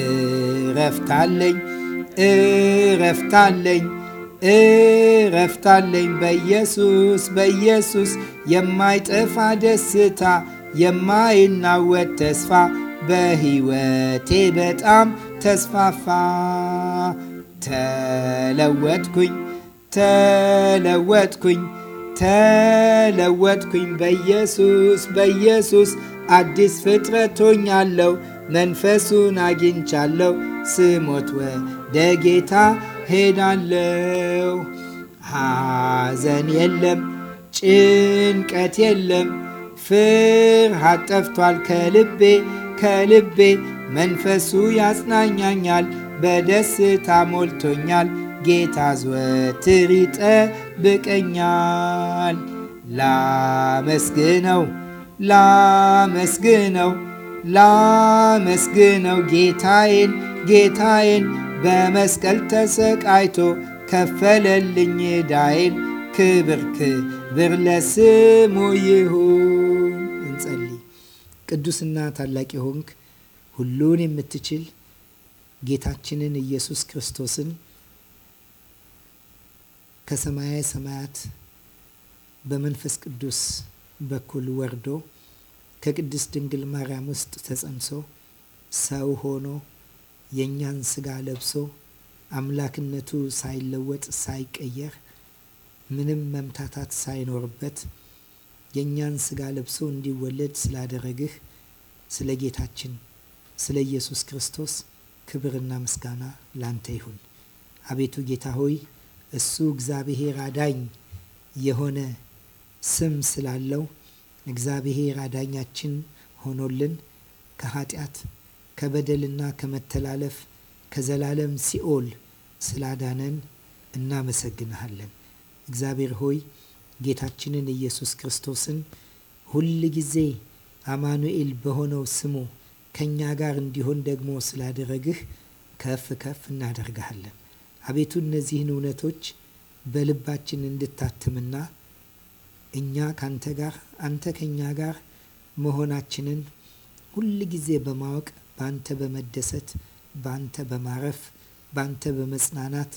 እረፍታለኝ እረፍታለኝ እረፍታለኝ በኢየሱስ በኢየሱስ የማይጠፋ ደስታ የማይናወጥ ተስፋ በሕይወቴ በጣም ተስፋፋ። ተለወጥኩኝ ተለወጥኩኝ ተለወጥኩኝ በኢየሱስ በኢየሱስ አዲስ ፍጥረት ሆኛለሁ መንፈሱን አግኝቻለሁ ስሞት ወደ ጌታ ሄዳለሁ ሐዘን የለም ጭንቀት የለም ፍርሃት ጠፍቷል ከልቤ ከልቤ መንፈሱ ያጽናኛኛል በደስታ ሞልቶኛል ጌታ ዘወትር ይጠብቀኛል። ላመስግነው ላመስግነው ላመስግነው ጌታዬን ጌታዬን በመስቀል ተሰቃይቶ ከፈለልኝ ዕዳዬን። ክብር ክብር ለስሙ ይሁን። እንጸልይ። ቅዱስና ታላቅ የሆንክ ሁሉን የምትችል ጌታችንን ኢየሱስ ክርስቶስን ከሰማያዊ ሰማያት በመንፈስ ቅዱስ በኩል ወርዶ ከቅድስት ድንግል ማርያም ውስጥ ተጸንሶ ሰው ሆኖ የእኛን ስጋ ለብሶ አምላክነቱ ሳይለወጥ ሳይቀየር ምንም መምታታት ሳይኖርበት የእኛን ስጋ ለብሶ እንዲወለድ ስላደረግህ ስለ ጌታችን ስለ ኢየሱስ ክርስቶስ ክብርና ምስጋና ላንተ ይሁን። አቤቱ ጌታ ሆይ እሱ እግዚአብሔር አዳኝ የሆነ ስም ስላለው እግዚአብሔር አዳኛችን ሆኖልን ከኃጢአት ከበደልና ከመተላለፍ ከዘላለም ሲኦል ስላዳነን እናመሰግንሃለን። እግዚአብሔር ሆይ ጌታችንን ኢየሱስ ክርስቶስን ሁል ጊዜ አማኑኤል በሆነው ስሙ ከእኛ ጋር እንዲሆን ደግሞ ስላደረግህ ከፍ ከፍ እናደርግሃለን። አቤቱ እነዚህን እውነቶች በልባችን እንድታትምና እኛ ካንተ ጋር አንተ ከእኛ ጋር መሆናችንን ሁል ጊዜ በማወቅ በአንተ በመደሰት በአንተ በማረፍ በአንተ በመጽናናት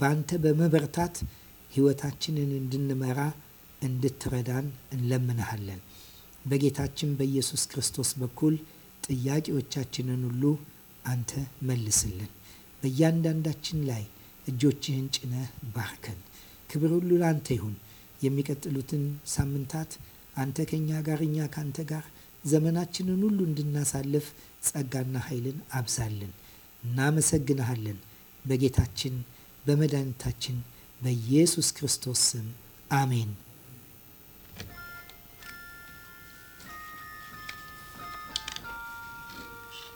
በአንተ በመበርታት ህይወታችንን እንድንመራ እንድትረዳን እንለምንሃለን። በጌታችን በኢየሱስ ክርስቶስ በኩል ጥያቄዎቻችንን ሁሉ አንተ መልስልን። በእያንዳንዳችን ላይ እጆችህን ጭነህ ባርከን። ክብር ሁሉ ለአንተ ይሁን። የሚቀጥሉትን ሳምንታት አንተ ከኛ ጋር፣ እኛ ከአንተ ጋር ዘመናችንን ሁሉ እንድናሳልፍ ጸጋና ኃይልን አብዛልን። እናመሰግንሃለን። በጌታችን በመድኃኒታችን በኢየሱስ ክርስቶስ ስም አሜን።